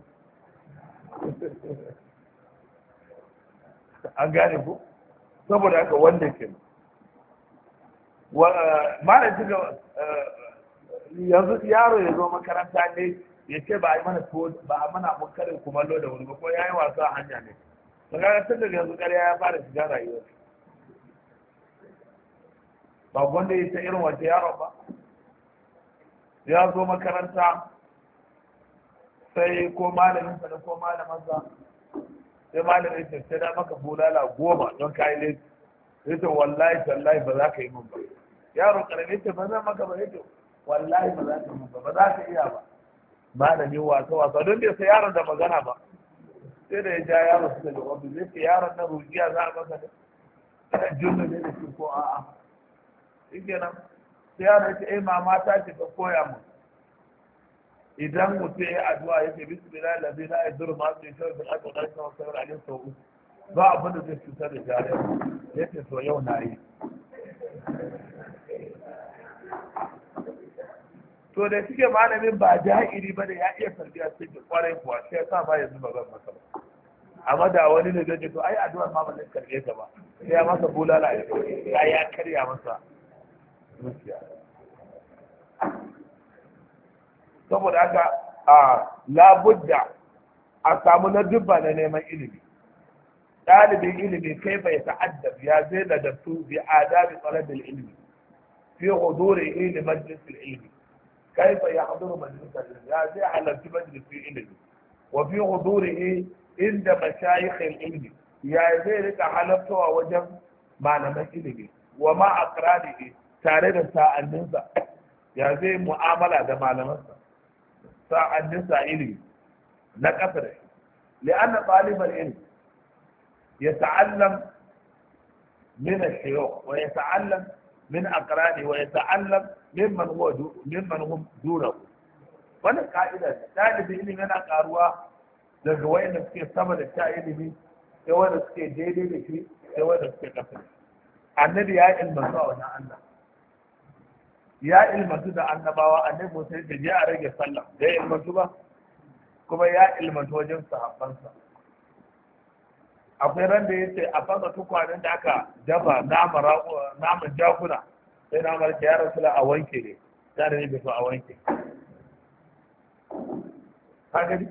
Speaker 1: an gane ku saboda haka wanda ke da eh, eh, yanzu yaro ya zo makaranta ne ya ce ba a mana ba a mana mun karin kumallo da wuri ba ko yayi wasa a hanya ne to ga tun da yanzu ƙarya ya fara shiga rayuwar ba gwanda ya ta irin wata yaron ba ya zo makaranta sai ko malamin sa ko malamin sa sai malamin sa sai da maka bulala goma don kayi laifi yace wallahi tallahi ba za ka yi min ba yaro karami ce ba zan maka ba yace wallahi ba za ka yi min ba ba za ka iya ba malami wasa wasa don bai sai yaron da magana ba sai da ya ja yaron su daga wanda zai sai yaron na rujiya za a masa ne juna ne da shi ko a'a shi kenan sai yaron ya ce ai mama ta ce ka koya mu idan mutum ya addu'a ya ce bismillah lazi la yadur ma su yashar bil aka da kuma sabar alim sau ba abin da zai cutar da jariya ya ce to yau na yi to da suke malamin ba jahiri ba da ya iya tarbiya sai da kwarai kuwa sai ya sa ba yanzu ba zan masa ba amma da wani ne zai to ai addu'ar ma ba zai karbe ta ba sai ya masa bulala ya ya ya karya masa zuciya saboda haka a labudda a samu na dubba na neman ilimi ɗalibin ilimi kai bai ta'addab ya zai ladabtu bi adabi talabil ilimi fi hudurin ilimin majlis ilimi. kaifa ya haduru majalisar ya zai halarci majalisun ilimi wa fi hudurihi inda mashayikhin ilimi ya zai rika halartawa wajen malaman ilimi wa ma akralihi tare da sa'anninsa ya zai mu'amala da malamansa sa'anninsa ilimi na kasar li'anna ɗaliban ilimi ya ta'allam min al wa ya min aqrani wa yata'allam mimman huwa mimman hum dunahu wannan ka'ida talibin ilimi yana karuwa daga wayanda suke sama da ta ilimi sai wanda suke daidai da shi sai wanda suke kasa annabi ya ilmantu a wajen Allah ya ilmantu da annabawa annabi Musa ya a rage sallah da ya ilmantu ba kuma ya ilmantu wajen sahabbansa akwai ran da ce a fasa tukwanen da aka dafa naman jakuna sai na marke ya rasu a wanke ne ya da bai so a wanke kagari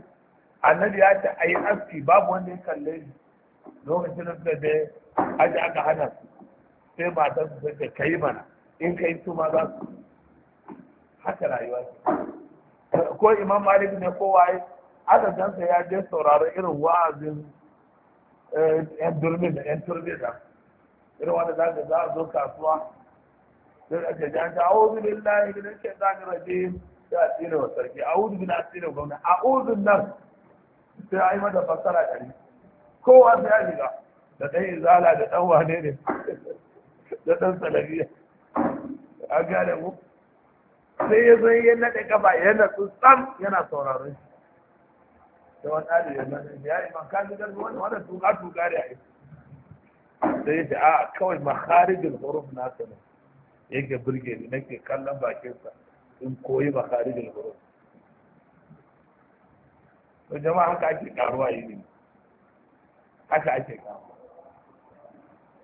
Speaker 1: annabi ya ce a yi aski babu wanda ya kalle shi lokacin da suka je aji aka hana su sai matan su sai ka yi mana in ka yi su ma za su haka rayuwa ce ko imam malik ne ko waye adadansa ya je sauraron irin wa'azin yan durmi da yan turbin da irin wanda za ka za a zo kasuwa sai ake jan ta a'udhu billahi min shaitanir rajim sai a tsire wa sarki a'udhu billahi a tsire wa gwamna a'udhu nan sai a yi mata fassara ɗari kowa sai a jiga da ɗan zala da ɗan wane ne da ɗan salafiya a gane mu sai ya zo ya naɗe kafa yana tsantsan yana sauraron shi da wani ɗari da zan ya yi man kaji garbi wani wanda tuka tuka da yi sai ya ce a kawai makharijin huruf nasa ne yake burge ni nake kallon bakinsa in koyi makharijin huruf to jama'a haka ake karuwa yi ne haka ake karuwa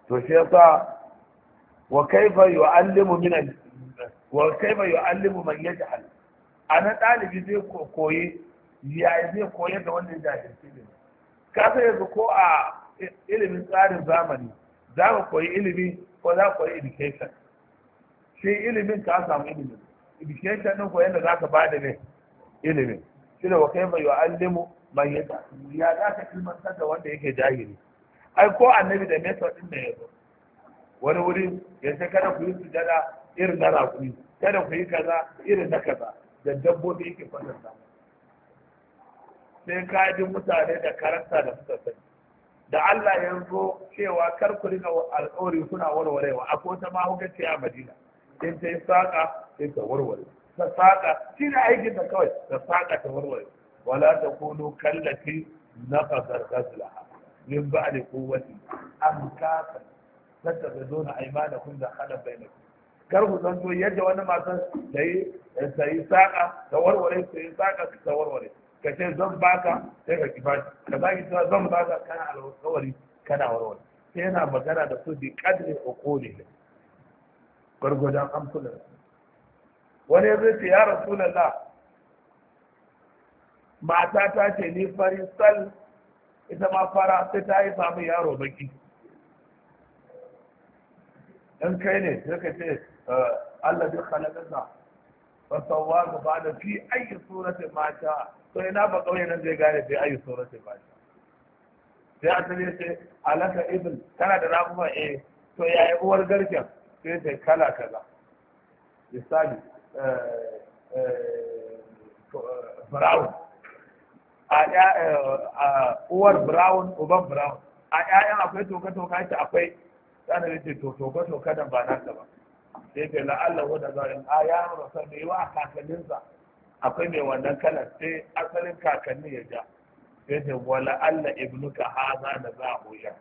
Speaker 1: to shi yasa wa kaifa yu'allimu min wa kaifa yu'allimu man yajhal ana ɗalibi zai koyi ya zai koyar da wanda ya jahilci ne ka sai yanzu ko a ilimin tsarin zamani za ka koyi ilimi ko za ka koyi education shi ilimin ka samu ilimin education din koyar da za ka da ne ilimin shi da wakai mai yu'allimu mai yata ya za ka ilmantar da wanda yake jahili ai ko annabi da method din da yazo wani wuri ya sai kada ku yi sujada irin na rakuni kada ku yi kaza irin na kaza da dabbobi yake kwatanta mu sai ka ji mutane da karanta da suka sani da Allah ya zo cewa kar ku rika alƙawari kuna warwarewa a ko ta ce a Madina in ta yi saƙa sai ta warware ta saƙa shi ne aikin da kawai ta saƙa ta warware wala ta kunu kallafi na fasar gazla min ba da kowace an kasa ta na zona kun da bai bainakum kar ku zanto yadda wani masu ta yi saƙa ta warware ta yi saƙa ta warware ka ce zan baka sai ka ki ka zaki cewa zan baka kana alƙawari kana warware sai yana magana da su bi kadri uquli gurgudan amsulan wani zai ce ya rasulullah mata ta ce ni fari sal ita ma fara sai ta yi min yaro baki in kai ne sai ka ce Allah bi khalaqaka fa sawwaka ba da fi ayi surati mata to ina ba kauye nan zai gane sai ayu sauran sai shi sai a tare sai alaka ibn kana da rafuwa eh to yaya uwar garken sai sai kala kaza misali eh, eh, brown eh, a uwar brown uban brown a ƴaƴan akwai toka-toka shi akwai tsanar yake ce to toka-toka da ba nasa ba sai ke la'allahu wadda zarin a ya da yi wa kakanninsa akwai mai wannan kalar sai asalin kakanni ya ja sai ce wala Allah ibnuka haza da za a hoya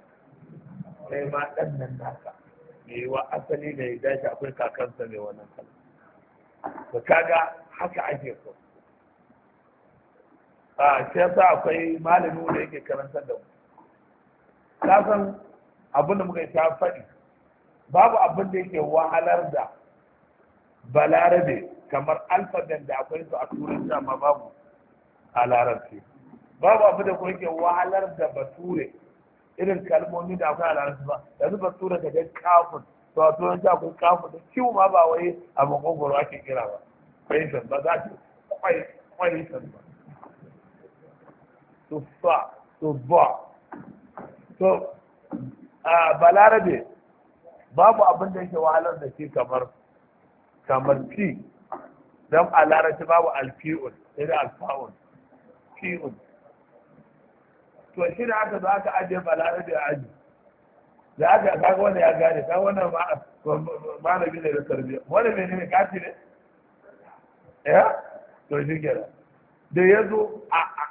Speaker 1: sai ma dan nan naka mai wa asali da ya dace akwai kakansa mai wannan kalar to kaga haka ake so a sai yasa akwai malami wanda yake karantar da mu ka san abin da muka yi ta faɗi babu abin da yake wahalar da balarabe kamar alfaben da akwai su a turin sama babu a larabci babu abu da kuma yake wahalar da bature irin kalmomi da akwai a larabci ba yanzu bature da dai kafin to a turanci akwai kafin da ciwo ma ba wai a makogoro ake kira ba kwaisan ba za ta kwaisan ba to fa to ba to a balarabe babu abin da yake wahalar da shi kamar kamar ci don a larabci babu alfi'un sai da alfa'un to shi da aka zo aka ajiye balarabe a aji da aka kaga wanda ya gane kaga wannan bi ne da tarbiyya wanda mai ne kati ne ya to shi kenan da ya zo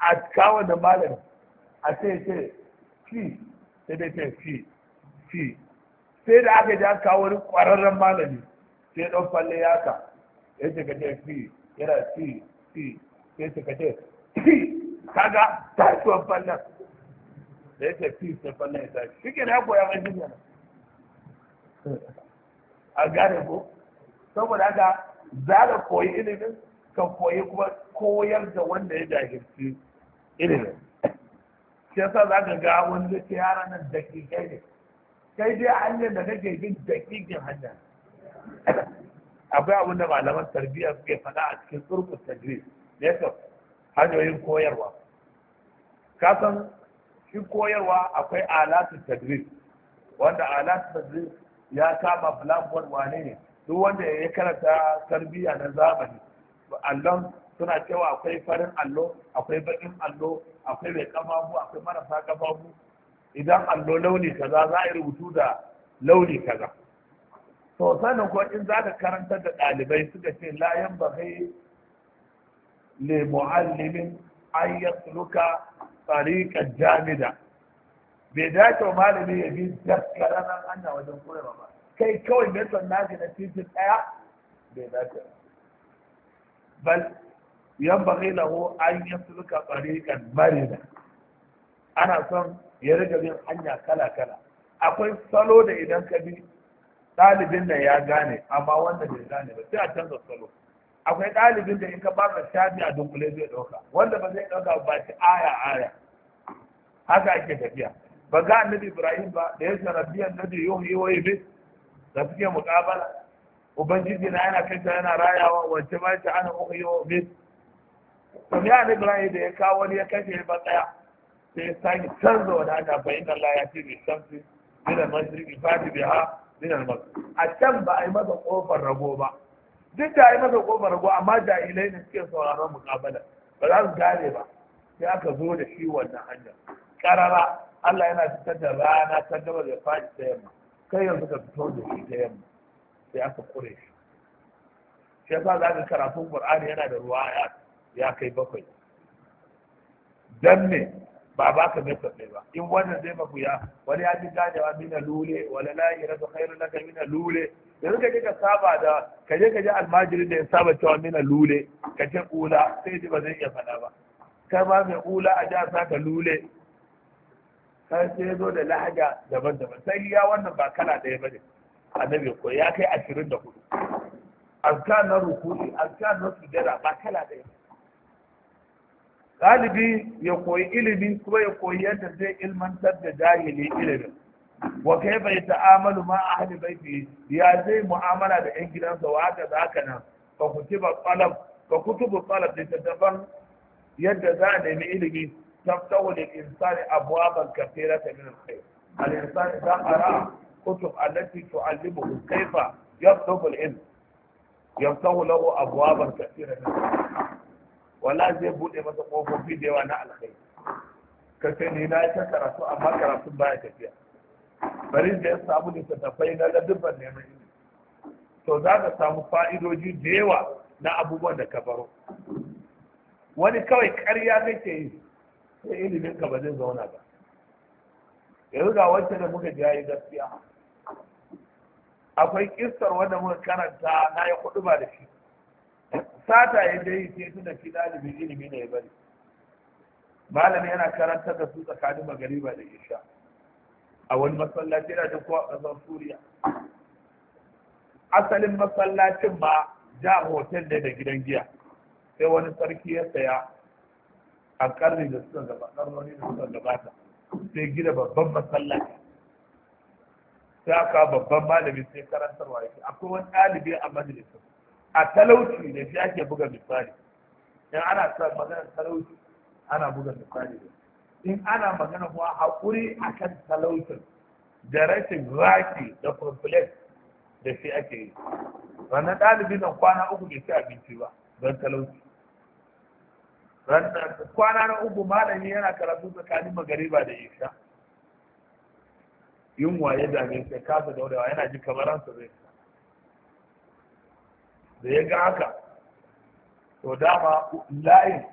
Speaker 1: a kawo da malami a ce ce fi sai dai ce fi fi sai da aka ja kawo wani kwararren malami sai ɗan falle ya ka ya ce ka ce fi yana fi fi sai ce ka ce fi kaga tashuwar fallon da ya ce fi sai fallon ya tashi shi ke na koya shi ne a gane ko saboda haka za ka koyi ilimin ka koyi kuma koyar da wanda ya jahilci ilimin shi yasa za ka ga wani zai yara nan kai ne kai dai hanyar da kake bin dakikin hanyar akwai abin da malaman tarbiyya suke faɗa a cikin turkus tajrid network hanyoyin koyarwa kasan shi koyarwa akwai alatu tajrid wanda alatu tajrid ya kama blackboard wane ne duk wanda ya karanta tarbiyya na zamani allon suna cewa akwai farin allo akwai baƙin allo akwai mai kafafu akwai marasa kafafu idan allo launi kaza za a yi rubutu da launi kaza to sanin ko in za ka karantar da ɗalibai suka ce layan ba kai le mu'allimin ayyar ya tsuluka tsarikar jami'a bai dace malami ya bi daskara nan na wajen koyarwa ba kai kawai mai sanna na titin ɗaya bai dace bal yan bakai lahu an ya tsuluka tsarikar marina ana son ya riga bin hanya kala-kala akwai salo da idan ka bi Dalibin nan ya gane amma wanda bai gane ba sai a canza salo akwai dalibin da in ka baka shafi a dunkule zai ɗauka wanda ba zai ɗauka ba ci aya aya haka ake tafiya ba ga annabi ibrahim ba da ya sarabiyan na da yi wa yubi da suke muƙabala ubangiji na yana kanta yana rayawa wacce ba ta ana uku yi wa yubi to ya annabi ibrahim da ya kawo wani ya kashe ba tsaya sai ya sake canza wani hanya fa allah ya ce bi shamsi ila masriqi fadi biha min a can ba a yi masa kofar rago ba duk da a yi masa kofar rago amma jahilai ne suke sauraron mukabala ba za su gane ba sai aka zo da shi wannan hanya karara Allah yana fitar da rana ta gaba da faɗi ta yamma kai yanzu ka fito da shi ta yamma sai aka kure shi shi yasa za ka karatun Qur'ani yana da ruwa ya kai bakwai dan ne ba ba ka mai sabbai ba in wannan zai maku ya wani ya ji ganewa mina lule wani layi su hairu na mina lule yanzu ka je ka saba da ka je ka je almajirin da ya saba cewa mina lule ka ce ula sai ji ba zai iya faɗa ba kai ma mai ula a ja sa ka lule kai sai zo da lahaja daban-daban sai ya wannan ba kala ɗaya ba ne annabi ko ya kai ashirin da hudu azkar na rukuni azkar na sujada ba kala ɗaya ba galibi ya koyi ilimi kuma ya koyi yadda zai ilmantar da jahili ilimin wa kai bai ta'amalu ma ahli baiti ya zai mu'amala da yan gidansa wa haka za ka nan ba kutuba ka fa ba tsalab da daban yadda za a nemi ilimi taftahu da insani na ta min kai. al-khair al a idza ara kutub allati tu'allimuhu kayfa yatlubu al-ilm yaftahu lahu abwaban kathiratan min wala zai bude masa kofofi da yawa na alkhairi ka ce ni na ta karatu amma karatu baya tafiya bari da ya samu tafai na ladubban neman ilimi to za ka samu fa'idoji da yawa na abubuwan da ka baro wani kawai karya kake yi sai ilimin ka ba zai zauna ba yanzu ga wacce da muka jayi gaskiya akwai kistar wanda muka karanta na ya kudu ba da shi sata ya yi sai tuna shi dalibin ilimi ne ya bari malami yana karantar da su tsakanin magariba da isha a wani masallaci yana da kuwa ƙasar suriya asalin masallacin ma ja hotel ne da gidan giya sai wani sarki ya saya a karni da suka gaba karnoni da suka gabata sai gina babban masallaci sai aka babban malami sai karantarwa yake akwai wani ɗalibi a majalisar a talauci ne sai ake buga misali in ana sa maganar talauci ana buga misali in ana magana kuma haƙuri akan talautin da rashin raki da complex da shi ake yi ranar ɗalibin nan kwana uku bai ci abinci ba don talauci kwana na uku malami yana karatu tsakanin magariba da isha yunwa ya dame shi kasa daurewa yana ji kamar ransa zai da ya ga haka to dama layin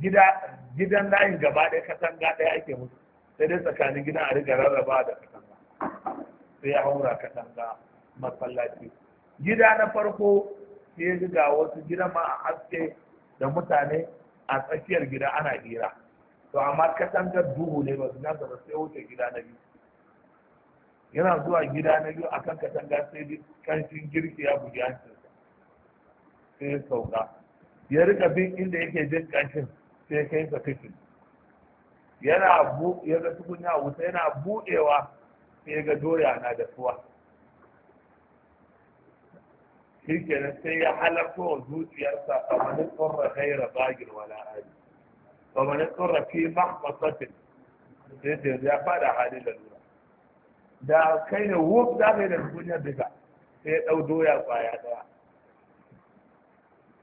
Speaker 1: gidan layin gaba ɗaya katanga ɗaya ake musu sai dai tsakanin gidan a riga rarraba da katanga sai ya haura katanga masallaci gida na farko sai ya ga wasu gidan ma a haske da mutane a tsakiyar gida ana hira to amma katangar duhu ne ba su nasa ba sai wuce gida na biyu yana zuwa gida na biyu akan katanga sai kanshin girki ya bugi hancin sai ya sauka ya rika bin inda yake jin kashin sai ya kai sa yana bu ya ga tukunya wuta yana buɗewa sai ga doya na da tuwa shi kenan sai ya halarta wa zuciyarsa a wani tsorra gaira bagin wala hali kamanin tsorra fi mahmasatin sai ce ya fada hali da lura da kai ne wuf za ka yi da tukunya duka sai ya ɗau doya kwaya daya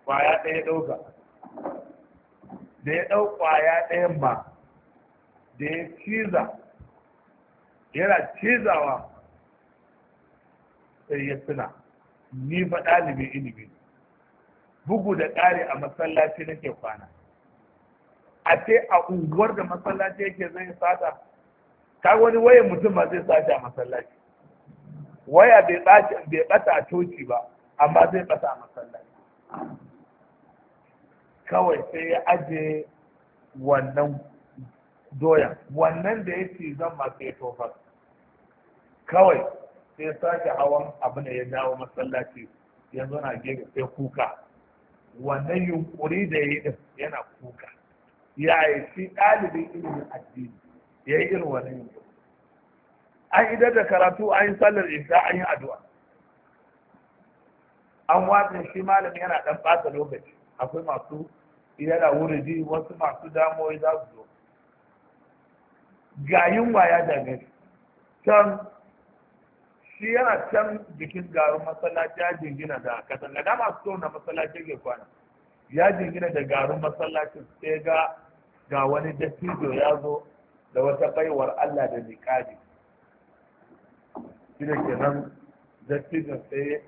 Speaker 1: kwaya ɗaya ɗauka da ya ɗau kwaya ɗayan ba da ya ciza yana cizawa sai ya tuna ni ba ɗalibin ilimi bugu da ƙari a masallaci nake kwana a ce a unguwar da masallaci yake zai yi sata ka wani waya mutum ba zai sace a masallaci waya bai ɓata a coci ba amma zai bata a masallaci kawai sai ya aje wannan doya wannan da ya ci zan masu ya tofa kawai sai sake hawan abu da ya dawo masallaci yanzu na gefe sai kuka wannan yunkuri da ya yi yana kuka ya yi shi ɗalibin ilimin addini ya yi irin wannan yunkuri an idar da karatu an yi sallar isha an yi addu'a an watsa shi malam yana ɗan ɓata lokaci akwai masu idan da wuri wasu masu damuwa za su zo ga yunwa ya dame can shi yana can jikin garin masallaci ya jingina da kasan da dama su na masallaci ke kwana ya jingina da garin masallacin sai ga ga wani dattijo ya zo da wata baiwar Allah da niƙadi shi da kenan dattijon sai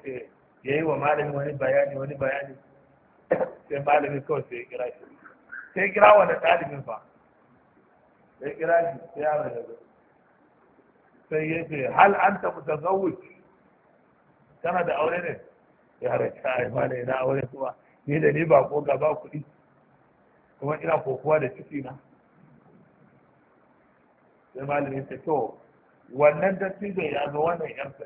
Speaker 1: ya yi wa malami wani bayani wani bayani sai malami kawai sai ya kira shi sai ya kira wani ɗalibin fa sai ya kira shi sai ya rage sai ya ce hal an ta ta zawuci kana da aure ne ya rage ai malami na aure kuma ni da ni ba ko gaba kuɗi kuma ina kokuwa da ciki na sai malami ta to wannan dattijo ya ga wannan yarsa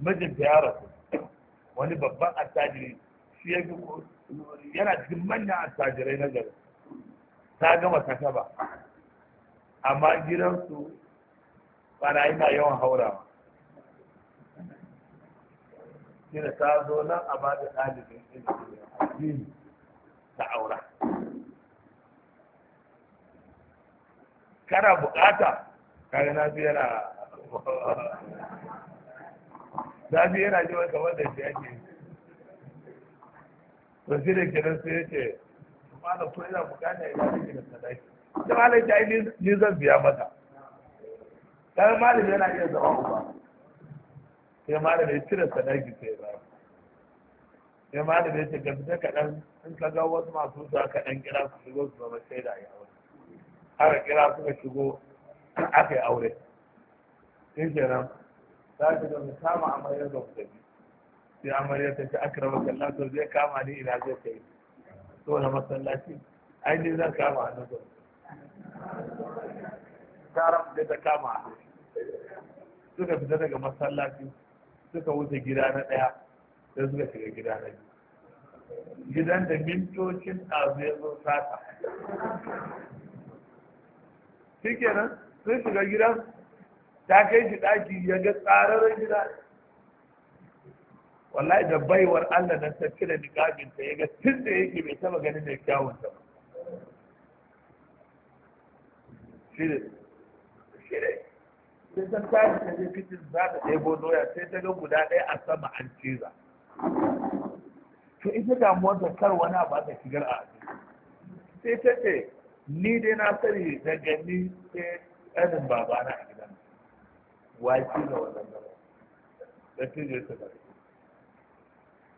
Speaker 1: mijinta ya rasu wani babban attajiri yana cikin manyan attajirai na gari ta gama kataba amma gidansu bana na yawan haurawa shine ta zo nan a ba da ɗalibin ilimi ta aura kana bukata kaga na biya na na biya jiwa kamar da shi ake yi to da kenan sai ya ce malam ko ina bukata ina da da sadaki da malam ta yi ni zan biya mata dan malam yana iya zama uba sai malam ya cire sadaki sai ya bayar sai malam ya ce ka fita kaɗan in ka ga wasu masu zuwa kaɗan kira su shigo su zama shaida a yawon aka kira suka shigo aka yi aure shi kenan za ki zama kama amaryar da ku da biyu sai amarya ta ce akrama kallah to zai kama ni ina zai kai to na masallaci ai ni zan kama a nan taram da ta kama suka fita daga masallaci suka wuce gida na ɗaya sai suka shiga gida na biyu gidan da mintocin ɗazu ya zo sata shi kenan sun shiga gidan ta kai shi daki ya ga tsararren gida wallahi da baiwar Allah nan ta cire nikabin ta yaga tun da yake bai taba ganin da kyawun ta shire shire sai ta tashi ta je fitin za ta ɗebo doya sai ta ga guda ɗaya a sama an ciza to ita damuwar da kar wani ba ta shigar a sai ta ce ni dai na sani daga ni sai ɗanin babana a gidan wa ci da wannan da ta je ta bari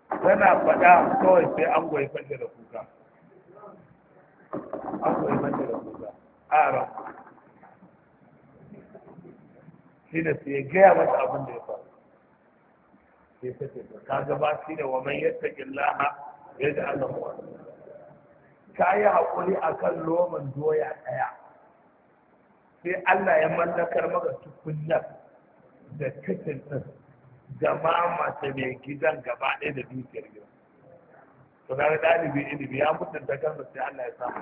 Speaker 1: tana faɗa kawai sai an goyi fanta da kuka an goyi fanta da kuka a ran shi da sai gaya mata abin da ya faru sai ta ce ka gaba shi da wa man yadda illaha ya ji Allah mu ka yi haƙuri akan loman doya ɗaya sai Allah ya mallakar maka tukunyar da kicin ɗin da mace mai gidan gaba ɗaya da dukiyar gida to na ga ɗalibi ilimi ya mutunta kansa sai Allah ya samu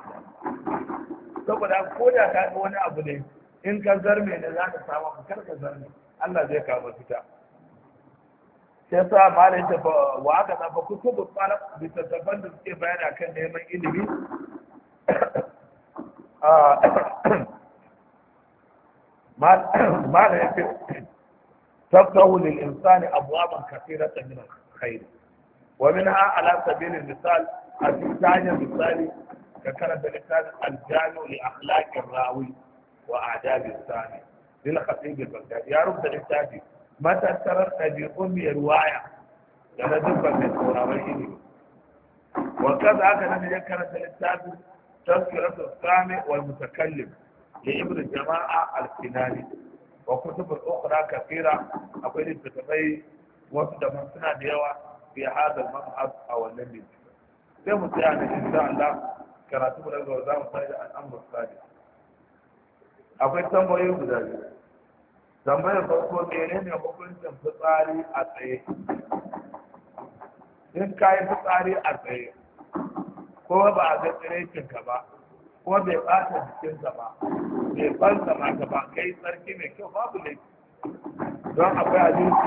Speaker 1: saboda ko da ka ga wani abu ne in ka zarme ne za ka samu kar ka zarme Allah zai kawo fita sai sa malai ta ba wa aka zaba fara bisa littattafan da suke bayani kan neman ilimi ah, malai ya تفتح للإنسان أبوابا كثيرة من الخير ومنها على سبيل المثال الثاني المثالي ذكرت بالإنسان الجامع لأخلاق الراوي وأعداد الثاني للخطيب البغدادي يا رب الإنسان متى تأثرت بأم رواية لنا دبا من سورارين وكذا كان ذكرت الإنسان تذكرة الثاني والمتكلم لابن الجماعة الكناني wa kutubul ukhra kathira akwai littattafai wasu da mun suna da yawa fi hada al-mab'ad a wannan littafi sai mu tsaya ne insha Allah karatu mu daga za mu sai da al'amur sadi akwai tambayoyi guda biyu tambayar farko menene hukuncin fitsari a tsaye in ka yi fitsari a tsaye ko ba a ga tsirekinka ba ko bai ɓata jikinka ba ya ban ma gaba kai sarki mai kyau babu ne don akwai hadisi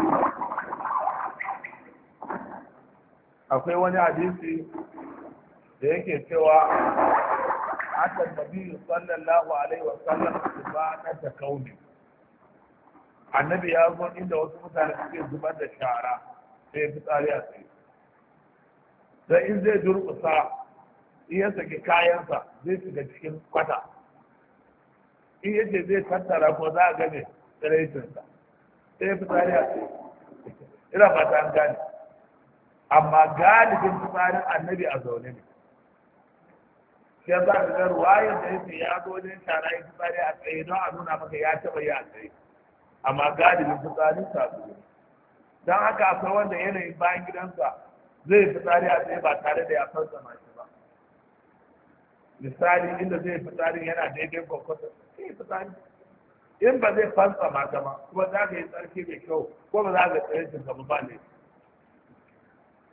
Speaker 1: akwai wani hadisi da yake cewa atan nabi sallallahu alaihi wa sallam ba ta kauni annabi ya zo inda wasu mutane suke zubar da shara sai ya tsari a tsaye sai in zai durƙusa in ya saki kayansa zai shiga cikin kwata in yace zai tattara ko za a gane tsiraitinsa sai tsari a tsaye ina fata an gane amma galibin tsarin annabi a zaune ne ya za a ga ruwayar da yake ya zo wajen shara ya tsari a tsaye don a nuna maka ya taba yi a tsaye amma galibin tsarin sa su don haka akwai wanda yanayin bayan gidansa zai fitsari a tsaye ba tare da ya farsa mashin misali inda zai fitsarin yana daidai kwakwata sai ya fitsari in ba zai fansa ma gama kuma za ka yi tsarki mai kyau ko ba za ka tsaye shi gaba ba ne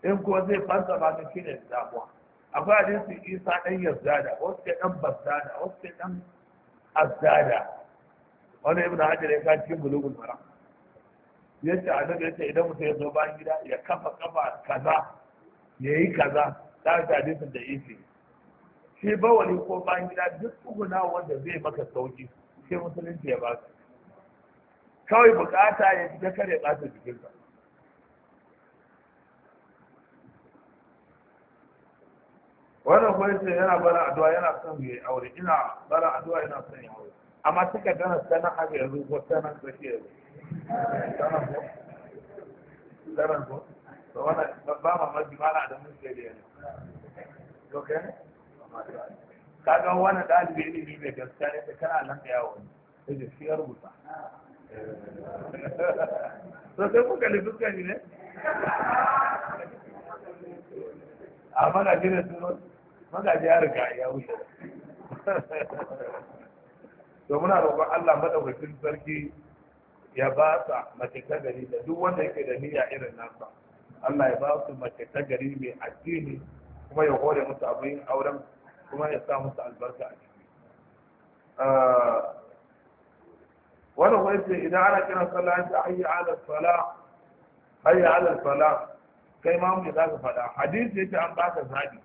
Speaker 1: in kuma zai fansa ma shi ne damuwa akwai hadisi isa ɗan yazdada wasu ke ɗan bazdada wasu ke ɗan azdada wani ibn hajar ya kan cikin ce mara yace annabi yace idan mutum ya zo bayan gida ya kafa kafa kaza ya yi kaza ta hadisin da yake ba bawali ko bayan gida duk tsuguna wanda zai maka sauki sai musulunci ya su kawai bukata ya ta kar ya ɓata jikinka wannan kuma ce yana bara addu'a yana son yi aure ina bara addu'a yana son yi aure amma suka gana sanan haka yanzu ko sanan sake yanzu ko sanan ko ba ma mana da mun da kaga wani ɗalibi ne mai gaskiya ne sai kana nan da yawon da siyar rubuta so sai kuka da fuska ne ne a magaji da sun magaji ya riga ya wuce to muna roƙon Allah madaukakin sarki ya ba sa mace ta gari da duk wanda yake da niyya irin nasa Allah ya ba su mace ta gari mai addini kuma ya hore musu abin auren kuma ya sa musu albarka a ciki wani kuma yace idan ana kiran sallah yace hayya ala salah hayya ala salah kai ma mu za ka faɗa hadisi yace an baka zabi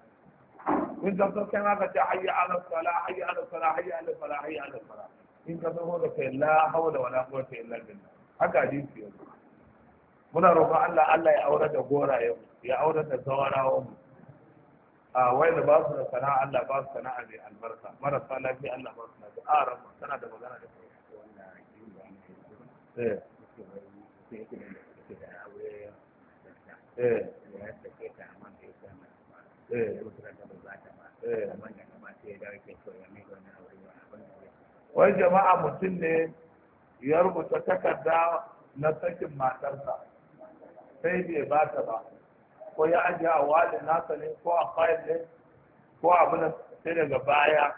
Speaker 1: in ka so kai ma ka ce hayya ala salah hayya ala salah hayya ala salah hayya ala salah in ka so ka ce la hawla wala quwwata illa billah haka hadisi yace muna roƙon Allah Allah ya aure da gorayen ya aure da zawarawan mu آه، وين باسنا صنع الله باس صنع ذي البركة مرة صلى في الله باس صنع ذي آرم صنع ذي مغانا ذي صنع wai jama'a mutum ne ya rubuta takarda na sakin matarsa ko ya ajiye a wajen nasa ne ko a fayil ne ko abin sai daga baya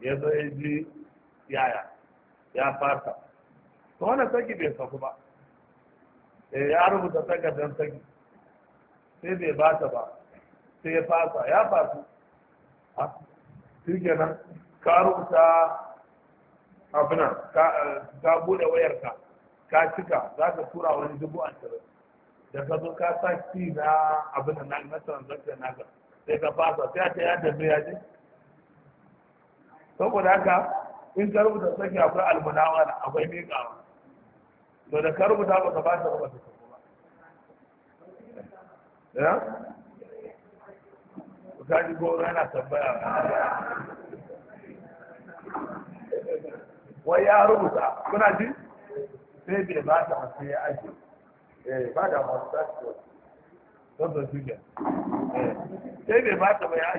Speaker 1: ya zo ya ji yaya ya fasa to wani saki bai saku ba eh, ya rubuta saka dan saki sai bai ba ta ba sai ya fasa ya fasu a nan ka rubuta eh, abinan ka bude wayarka ka cika za ka tura wani dubu ashirin da ka zo ka sa ki na abin da na transaction naka sai ka fasa sai ta ya tafi ya je saboda haka in ka rubuta saki akwai almunawara akwai miƙawa to da ka rubuta ba ka ba ta rubuta kuma ya ka ji goro yana tambaya wai ya rubuta kuna ji sai bai ba ta wasu ya ajiye Ibadan must start lọ́dọ̀ jújà. Ṣé ibè bá tọ̀bẹ̀ yá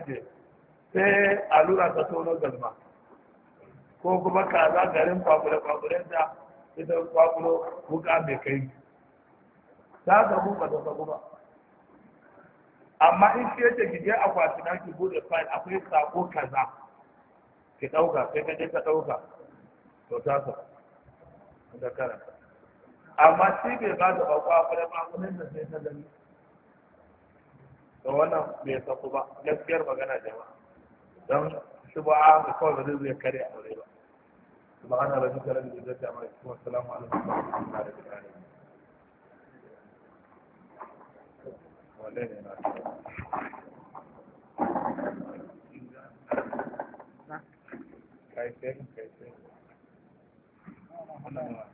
Speaker 1: Ṣé àlúrà tó tó lọ́dọ̀ mà? Ko kuma kaza garin kwakule-kwakulen da ita kwakulo wuka mai kai. Ta samu ta Amma in shi yake ki bude akwai sako kaza. ɗauka, ka je ka ɗauka. ta amma sai bai ba da bako a kudin ma'amunan da sai ta da wannan bai saku ba gaskiyar magana jama'a don shi ba a kawai ba zai kare a wuri ba سبحان ربك رب العزة عما يصفون والسلام على المرسلين رب العالمين Thank you.